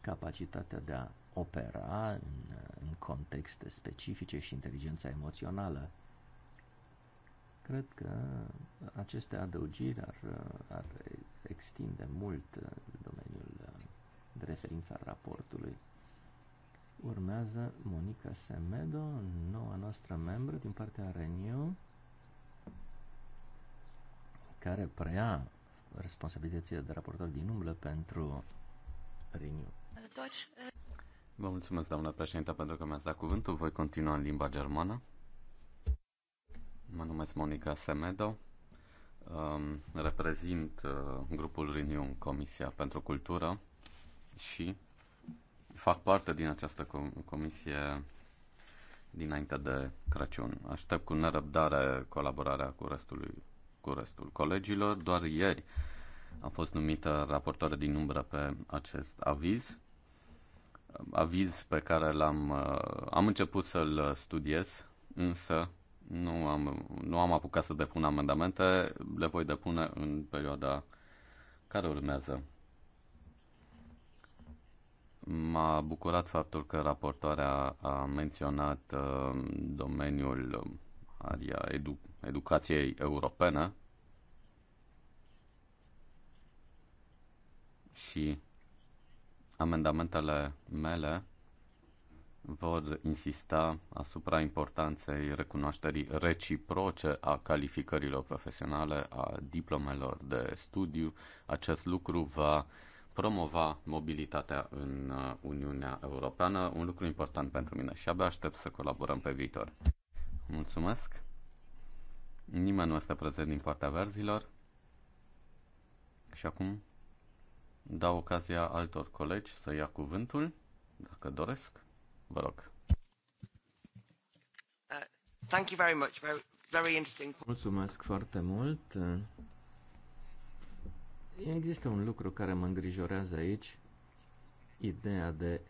capacitatea de a opera în, în contexte specifice și inteligența emoțională. Cred că aceste adăugiri ar, ar extinde mult domeniul de referință al raportului. Urmează Monica Semedo, noua noastră membră din partea Renew, care preia responsabilitățile de raportor din umblă pentru Renew. Vă mulțumesc, doamna președinte, pentru că mi-ați dat cuvântul. Voi continua în limba germană. Mă numesc Monica Semedo. Um, reprezint uh, grupul Renew Comisia pentru Cultură și fac parte din această com- comisie dinainte de Crăciun. Aștept cu nerăbdare colaborarea cu restul, cu restul colegilor. Doar ieri am fost numită raportoare din umbră pe acest aviz aviz pe care l-am uh, am început să-l studiez, însă nu am, nu am apucat să depun amendamente, le voi depune în perioada care urmează. M-a bucurat faptul că raportoarea a menționat uh, domeniul uh, aria edu- educației europene și amendamentele mele vor insista asupra importanței recunoașterii reciproce a calificărilor profesionale, a diplomelor de studiu. Acest lucru va promova mobilitatea în uh, Uniunea Europeană, un lucru important pentru mine și abia aștept să colaborăm pe viitor. Mulțumesc! Nimeni nu este prezent din partea verzilor. Și acum dau ocazia altor colegi să ia cuvântul, dacă doresc. Vă rog. Uh, thank you very much. Very, very interesting. Mulțumesc foarte mult. Există un lucru care mă îngrijorează aici, ideea de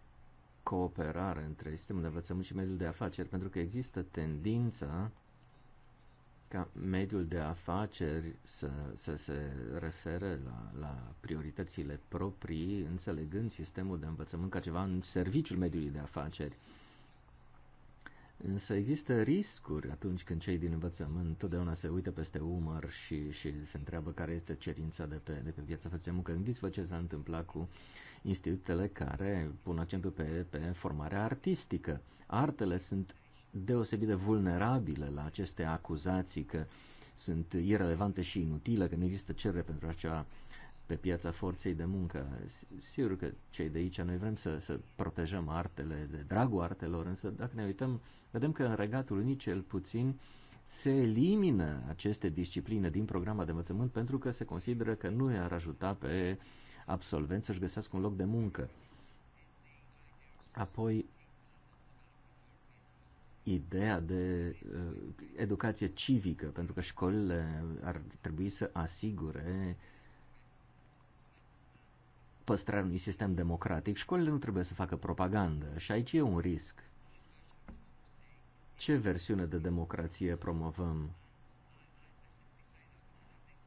cooperare între sistemul de învățământ și mediul de afaceri, pentru că există tendința ca mediul de afaceri să, să se refere la, la prioritățile proprii, înțelegând sistemul de învățământ ca ceva în serviciul mediului de afaceri. Însă există riscuri atunci când cei din învățământ totdeauna se uită peste umăr și, și se întreabă care este cerința de pe, de pe piața forței muncă. Gândiți-vă ce s-a întâmplat cu institutele care pun accentul pe, pe formarea artistică. Artele sunt deosebit de vulnerabile la aceste acuzații că sunt irelevante și inutile, că nu există cerere pentru acea pe piața forței de muncă. Sigur că cei de aici noi vrem să, să protejăm artele de dragul artelor, însă dacă ne uităm, vedem că în Regatul unii cel puțin se elimină aceste discipline din programa de învățământ pentru că se consideră că nu i-ar ajuta pe absolvenți să-și găsească un loc de muncă. Apoi, ideea de uh, educație civică, pentru că școlile ar trebui să asigure păstrarea unui sistem democratic. Școlile nu trebuie să facă propagandă și aici e un risc. Ce versiune de democrație promovăm?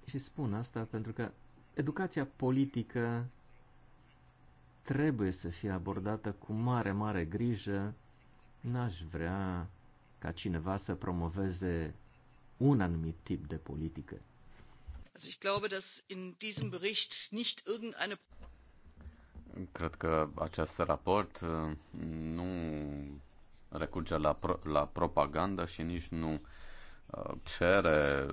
Și spun asta pentru că educația politică trebuie să fie abordată cu mare, mare grijă N-aș vrea ca cineva să promoveze un anumit tip de politică. Also ich glaube, dass in diesem Bericht nicht irgendeine Cred că acest raport uh, nu recurge la, pro- la propagandă și nici nu cere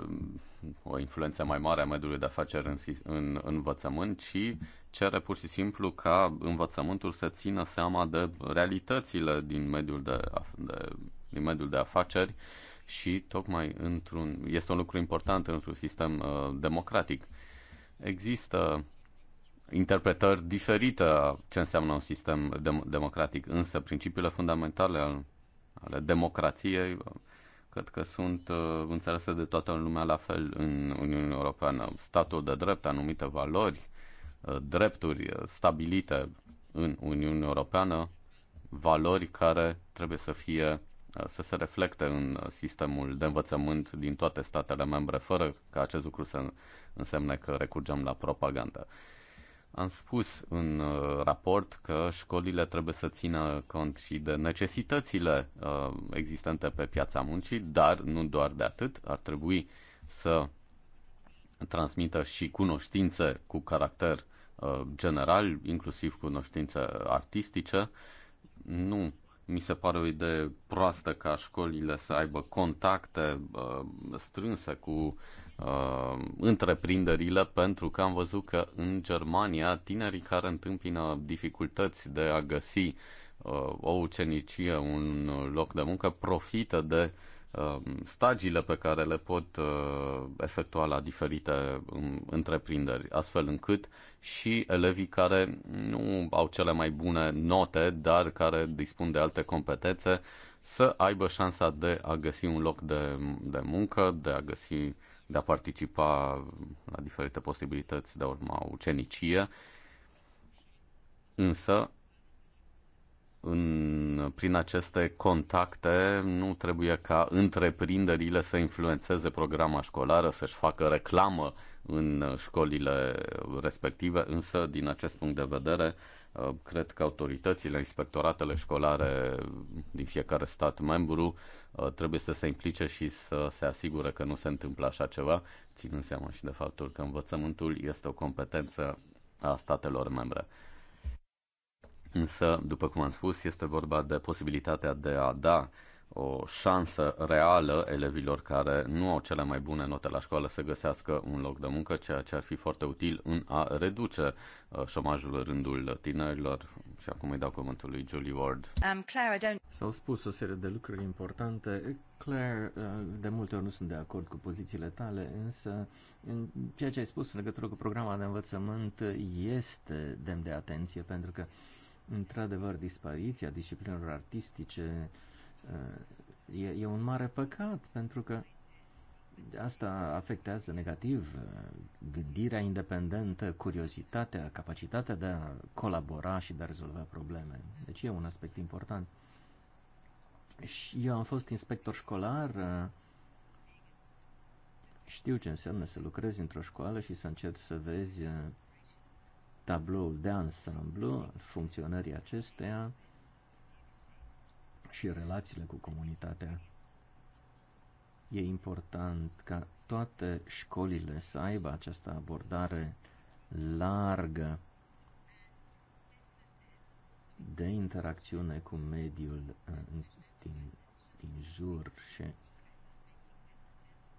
o influență mai mare a mediului de afaceri în, în învățământ, ci cere pur și simplu ca învățământul să țină seama de realitățile din mediul de, de, din mediul de afaceri și tocmai într-un, este un lucru important într-un sistem uh, democratic. Există interpretări diferite a ce înseamnă un sistem dem- democratic, însă principiile fundamentale al, ale democrației cred că sunt uh, înțelese de toată lumea la fel în Uniunea Europeană. Statul de drept, anumite valori, uh, drepturi uh, stabilite în Uniunea Europeană, valori care trebuie să fie uh, să se reflecte în uh, sistemul de învățământ din toate statele membre, fără ca acest lucru să însemne că recurgem la propagandă. Am spus în uh, raport că școlile trebuie să țină cont și de necesitățile uh, existente pe piața muncii, dar nu doar de atât, ar trebui să transmită și cunoștințe cu caracter uh, general, inclusiv cunoștințe artistice. Nu mi se pare o idee proastă ca școlile să aibă contacte strânse cu uh, întreprinderile, pentru că am văzut că în Germania tinerii care întâmpină dificultăți de a găsi uh, o ucenicie, un loc de muncă, profită de uh, stagiile pe care le pot uh, efectua la diferite um, întreprinderi, astfel încât și elevii care nu au cele mai bune note, dar care dispun de alte competențe, să aibă șansa de a găsi un loc de, de muncă, de a găsi de a participa la diferite posibilități de a urma ucenicie. Însă, în, prin aceste contacte nu trebuie ca întreprinderile să influențeze programa școlară, să-și facă reclamă în școlile respective, însă din acest punct de vedere Uh, cred că autoritățile, inspectoratele școlare din fiecare stat membru uh, trebuie să se implice și să se asigure că nu se întâmplă așa ceva, ținând seama și de faptul că învățământul este o competență a statelor membre. Însă, după cum am spus, este vorba de posibilitatea de a da o șansă reală elevilor care nu au cele mai bune note la școală să găsească un loc de muncă, ceea ce ar fi foarte util în a reduce uh, șomajul în rândul tinerilor. Și acum îi dau cuvântul lui Julie Ward. Um, Claire, I don't... S-au spus o serie de lucruri importante. Claire, uh, de multe ori nu sunt de acord cu pozițiile tale, însă în ceea ce ai spus în legătură cu programa de învățământ este demn de atenție, pentru că, într-adevăr, dispariția disciplinelor artistice, uh, Uh, e, e un mare păcat pentru că asta afectează negativ uh, gândirea independentă, curiozitatea, capacitatea de a colabora și de a rezolva probleme. Deci e un aspect important. Și eu am fost inspector școlar, uh, știu ce înseamnă să lucrezi într-o școală și să încerci să vezi tabloul de ansamblu al funcționării acesteia, și relațiile cu comunitatea. E important ca toate școlile să aibă această abordare largă de interacțiune cu mediul uh, din, din jur și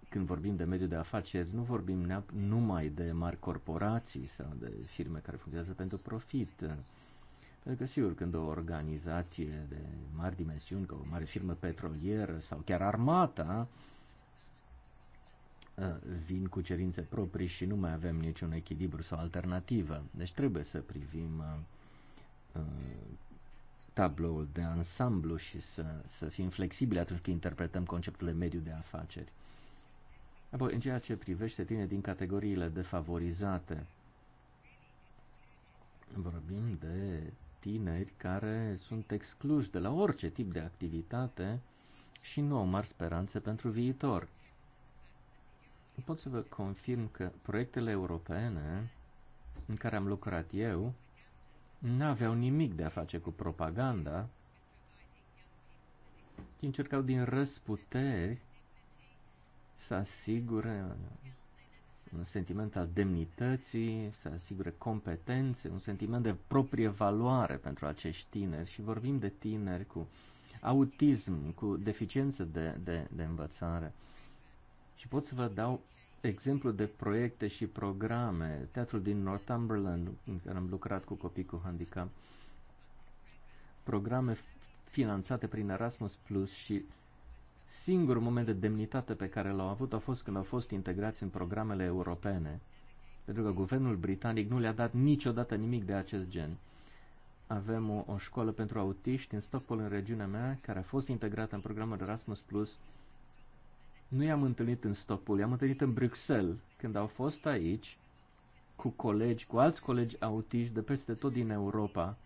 când vorbim de mediul de afaceri, nu vorbim numai de mari corporații sau de firme care funcționează pentru profit. Pentru că, sigur, când o organizație de mari dimensiuni, ca o mare firmă petrolieră sau chiar armata, ă, vin cu cerințe proprii și nu mai avem niciun echilibru sau alternativă. Deci trebuie să privim ă, ă, tabloul de ansamblu și să, să fim flexibili atunci când interpretăm conceptul de mediu de afaceri. Apoi, în ceea ce privește tine din categoriile defavorizate, vorbim de tineri care sunt excluși de la orice tip de activitate și nu au mari speranțe pentru viitor. Pot să vă confirm că proiectele europene în care am lucrat eu nu aveau nimic de a face cu propaganda, ci încercau din răsputeri să asigure un sentiment al demnității, să asigure competențe, un sentiment de proprie valoare pentru acești tineri și vorbim de tineri cu autism, cu deficiență de, de, de învățare. Și pot să vă dau exemplu de proiecte și programe. Teatrul din Northumberland, în care am lucrat cu copii cu handicap, programe finanțate prin Erasmus Plus și Singurul moment de demnitate pe care l-au avut a fost când au fost integrați în programele europene, pentru că guvernul britanic nu le-a dat niciodată nimic de acest gen. Avem o, o școală pentru autiști în Stockholm, în regiunea mea, care a fost integrată în programul Erasmus+. Plus. Nu i-am întâlnit în Stockholm, i-am întâlnit în Bruxelles, când au fost aici, cu colegi, cu alți colegi autiști de peste tot din Europa.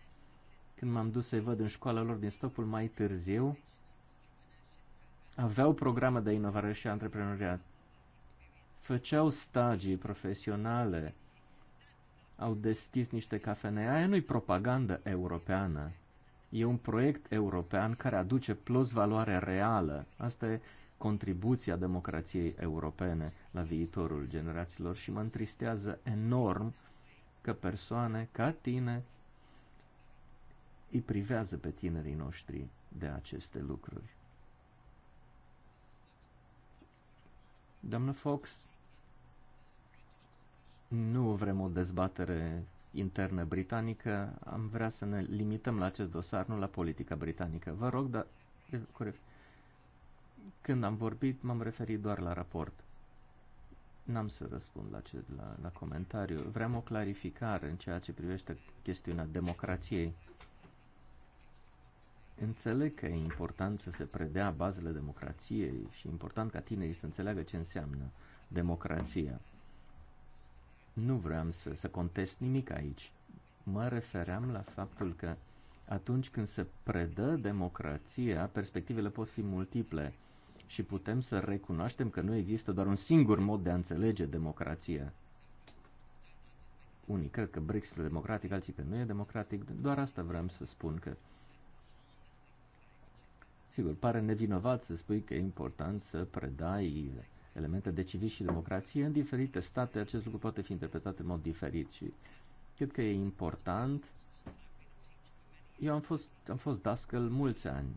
Când m-am dus să-i văd în școala lor din Stockholm mai târziu, aveau programe de inovare și antreprenoriat, făceau stagii profesionale, au deschis niște cafenea. Aia nu-i propagandă europeană. E un proiect european care aduce plus valoare reală. Asta e contribuția democrației europene la viitorul generațiilor și mă întristează enorm că persoane ca tine îi privează pe tinerii noștri de aceste lucruri. Doamnă Fox, nu vrem o dezbatere internă britanică, am vrea să ne limităm la acest dosar, nu la politica britanică. Vă rog, dar când am vorbit m-am referit doar la raport. N-am să răspund la, ce, la, la comentariu. Vreau o clarificare în ceea ce privește chestiunea democrației. Înțeleg că e important să se predea bazele democrației și e important ca tinerii să înțeleagă ce înseamnă democrația. Nu vreau să, să contest nimic aici. Mă refeream la faptul că atunci când se predă democrația, perspectivele pot fi multiple și putem să recunoaștem că nu există doar un singur mod de a înțelege democrația. Unii cred că Brexitul democratic, alții că nu e democratic. Doar asta vreau să spun că Sigur, pare nevinovat să spui că e important să predai elemente de civil și democrație în diferite state. Acest lucru poate fi interpretat în mod diferit și cred că e important. Eu am fost, am fost dascăl mulți ani.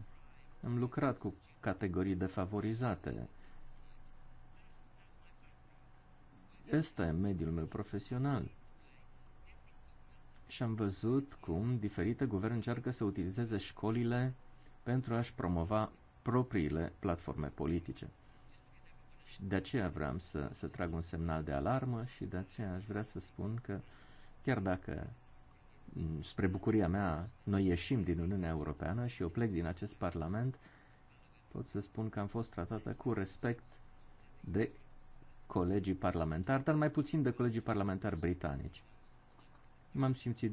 Am lucrat cu categorii defavorizate. Ăsta e mediul meu profesional. Și am văzut cum diferite guverne încearcă să utilizeze școlile pentru a-și promova propriile platforme politice. Și de aceea vreau să, să trag un semnal de alarmă și de aceea aș vrea să spun că chiar dacă mm, spre bucuria mea noi ieșim din Uniunea Europeană și eu plec din acest parlament, pot să spun că am fost tratată cu respect de colegii parlamentari, dar mai puțin de colegii parlamentari britanici. M-am simțit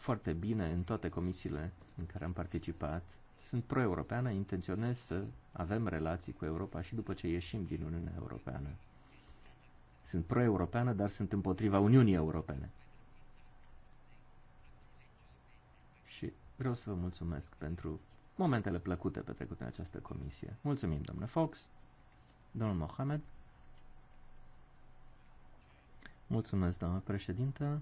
foarte bine în toate comisiile în care am participat. Sunt pro-europeană, intenționez să avem relații cu Europa și după ce ieșim din Uniunea Europeană. Sunt pro-europeană, dar sunt împotriva Uniunii Europene. Și vreau să vă mulțumesc pentru momentele plăcute petrecute în această comisie. Mulțumim, domnule Fox, domnul Mohamed. Mulțumesc, doamnă președintă.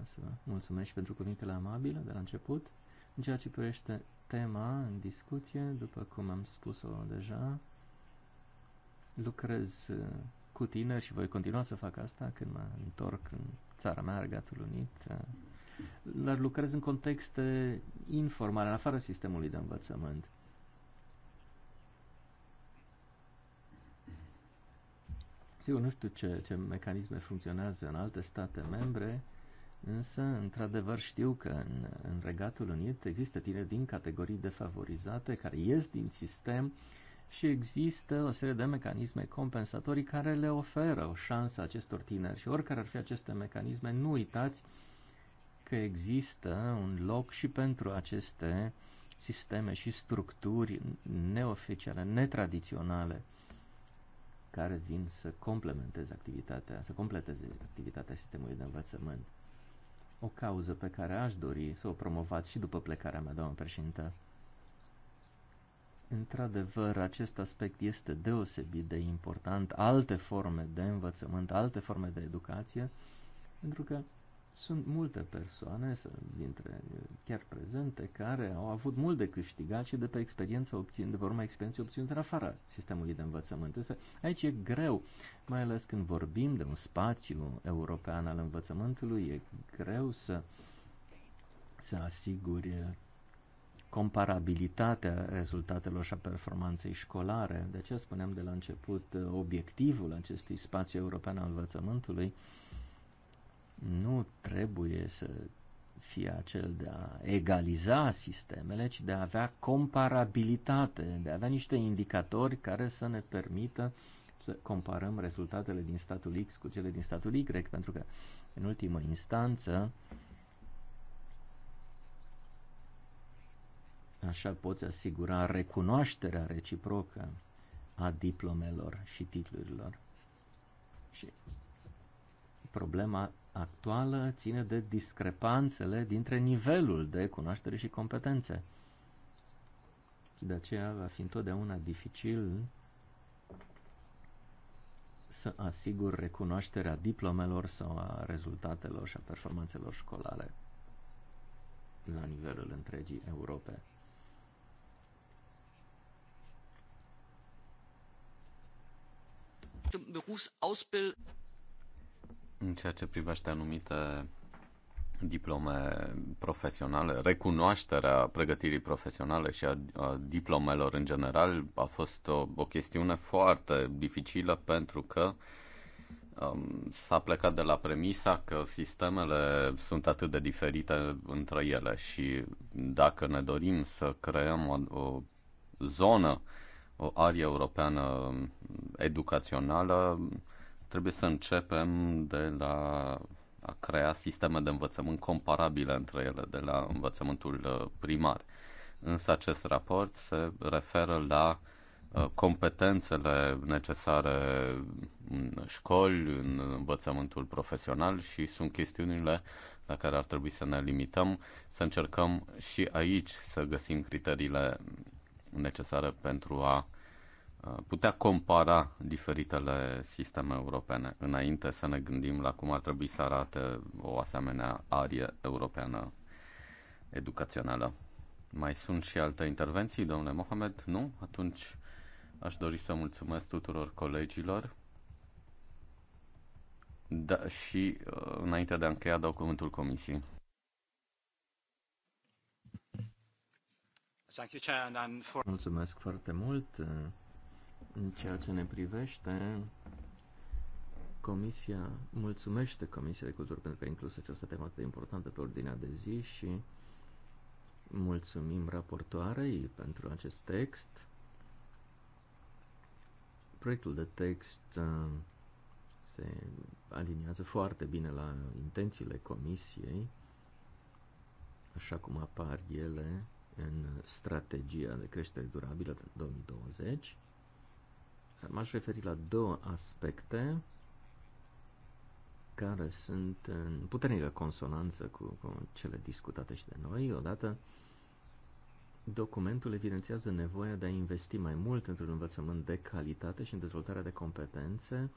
O să mulțumesc și pentru cuvintele amabile de la început. În ceea ce privește tema în discuție, după cum am spus-o deja, lucrez uh, cu tine și voi continua să fac asta când mă întorc în țara mea, Regatul Unit, uh, dar lucrez în contexte informale, în afara sistemului de învățământ. Sigur, nu știu ce, ce mecanisme funcționează în alte state membre, Însă, într-adevăr, știu că în, în Regatul Unit există tineri din categorii defavorizate care ies din sistem și există o serie de mecanisme compensatorii care le oferă o șansă acestor tineri și oricare ar fi aceste mecanisme, nu uitați că există un loc și pentru aceste sisteme și structuri neoficiale, netradiționale care vin să complementeze activitatea, să completeze activitatea sistemului de învățământ o cauză pe care aș dori să o promovați și după plecarea mea, doamnă președintă. Într-adevăr, acest aspect este deosebit de important, alte forme de învățământ, alte forme de educație, pentru că sunt multe persoane, dintre chiar prezente, care au avut mult de câștigat și de pe experiența obținut, de pe urma experienței obținute în afara sistemului de învățământ. Însă aici e greu, mai ales când vorbim de un spațiu european al învățământului, e greu să, să asiguri comparabilitatea rezultatelor și a performanței școlare. De ce spuneam de la început obiectivul acestui spațiu european al învățământului nu trebuie să fie acel de a egaliza sistemele, ci de a avea comparabilitate, de a avea niște indicatori care să ne permită să comparăm rezultatele din statul X cu cele din statul Y, pentru că, în ultimă instanță, așa poți asigura recunoașterea reciprocă a diplomelor și titlurilor. Și problema actuală ține de discrepanțele dintre nivelul de cunoaștere și competențe. de aceea va fi întotdeauna dificil să asigur recunoașterea diplomelor sau a rezultatelor și a performanțelor școlare la nivelul întregii Europe. Berufsausbildung în ceea ce privește anumite diplome profesionale, recunoașterea pregătirii profesionale și a, a diplomelor în general a fost o, o chestiune foarte dificilă pentru că um, s-a plecat de la premisa că sistemele sunt atât de diferite între ele și dacă ne dorim să creăm o, o zonă, o arie europeană educațională, trebuie să începem de la a crea sisteme de învățământ comparabile între ele, de la învățământul uh, primar. Însă acest raport se referă la uh, competențele necesare în școli, în învățământul profesional și sunt chestiunile la care ar trebui să ne limităm, să încercăm și aici să găsim criteriile necesare pentru a Uh, putea compara diferitele sisteme europene înainte să ne gândim la cum ar trebui să arate o asemenea arie europeană educațională. Mai sunt și alte intervenții, domnule Mohamed? Nu? Atunci aș dori să mulțumesc tuturor colegilor. Da, și uh, înainte de a încheia, dau cuvântul comisiei. Mulțumesc foarte mult în ceea ce ne privește, Comisia mulțumește Comisia de Cultură pentru că a inclus această temă atât de importantă pe ordinea de zi și mulțumim raportoarei pentru acest text. Proiectul de text uh, se aliniază foarte bine la intențiile Comisiei, așa cum apar ele în strategia de creștere durabilă pentru 2020 M-aș referi la două aspecte care sunt în puternică consonanță cu, cu cele discutate și de noi. Odată, documentul evidențiază nevoia de a investi mai mult într-un învățământ de calitate și în dezvoltarea de competențe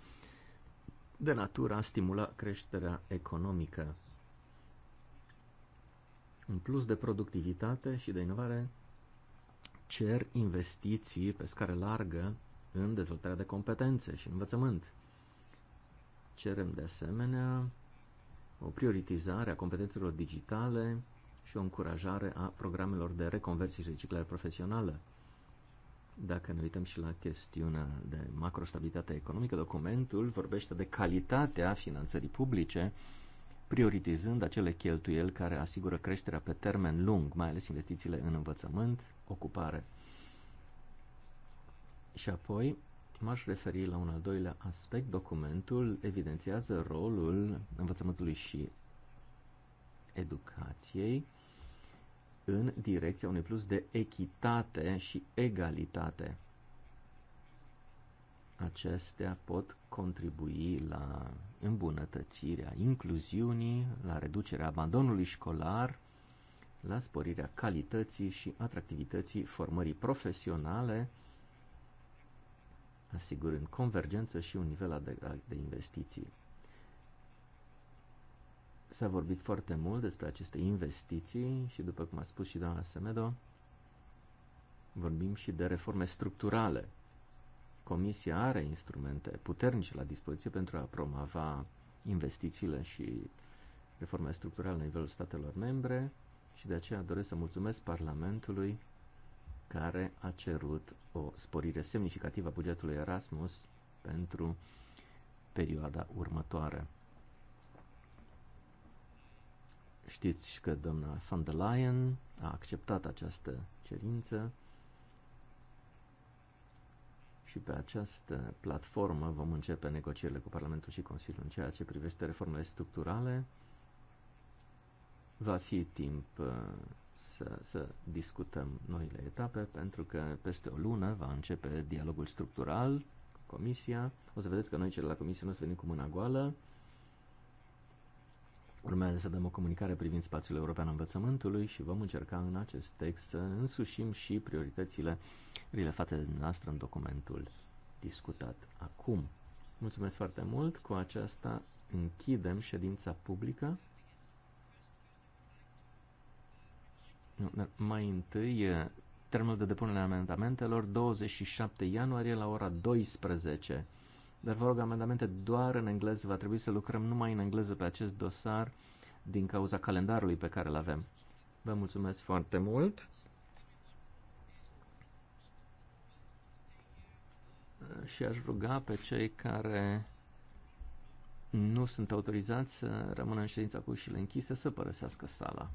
de natura a stimula creșterea economică. În plus de productivitate și de inovare, cer investiții pe scară largă în dezvoltarea de competențe și învățământ. Cerem de asemenea o prioritizare a competențelor digitale și o încurajare a programelor de reconversie și reciclare profesională. Dacă ne uităm și la chestiunea de macrostabilitate economică, documentul vorbește de calitatea finanțării publice, prioritizând acele cheltuieli care asigură creșterea pe termen lung, mai ales investițiile în învățământ, ocupare și apoi m-aș referi la un al doilea aspect. Documentul evidențiază rolul învățământului și educației în direcția unui plus de echitate și egalitate. Acestea pot contribui la îmbunătățirea incluziunii, la reducerea abandonului școlar, la sporirea calității și atractivității formării profesionale, asigurând convergență și un nivel adecvat de investiții. S-a vorbit foarte mult despre aceste investiții și, după cum a spus și doamna Semedo, vorbim și de reforme structurale. Comisia are instrumente puternice la dispoziție pentru a promova investițiile și reforme structurale la nivelul statelor membre și de aceea doresc să mulțumesc Parlamentului care a cerut o sporire semnificativă a bugetului Erasmus pentru perioada următoare. Știți că doamna van der Leyen a acceptat această cerință și pe această platformă vom începe negocierile cu Parlamentul și Consiliul în ceea ce privește reformele structurale. Va fi timp uh, să, să discutăm noile etape, pentru că peste o lună va începe dialogul structural cu Comisia. O să vedeți că noi, cei de la Comisie, nu o să venim cu mâna goală. Urmează să avem o comunicare privind spațiul european al învățământului și vom încerca în acest text să însușim și prioritățile relevate de noastră în documentul discutat acum. Mulțumesc foarte mult, cu aceasta închidem ședința publică. Nu, dar mai întâi, termenul de depunere a amendamentelor 27 ianuarie la ora 12. Dar vă rog, amendamente doar în engleză. Va trebui să lucrăm numai în engleză pe acest dosar din cauza calendarului pe care îl avem. Vă mulțumesc foarte mult. Și aș ruga pe cei care nu sunt autorizați să rămână în ședința cu ușile închise să părăsească sala.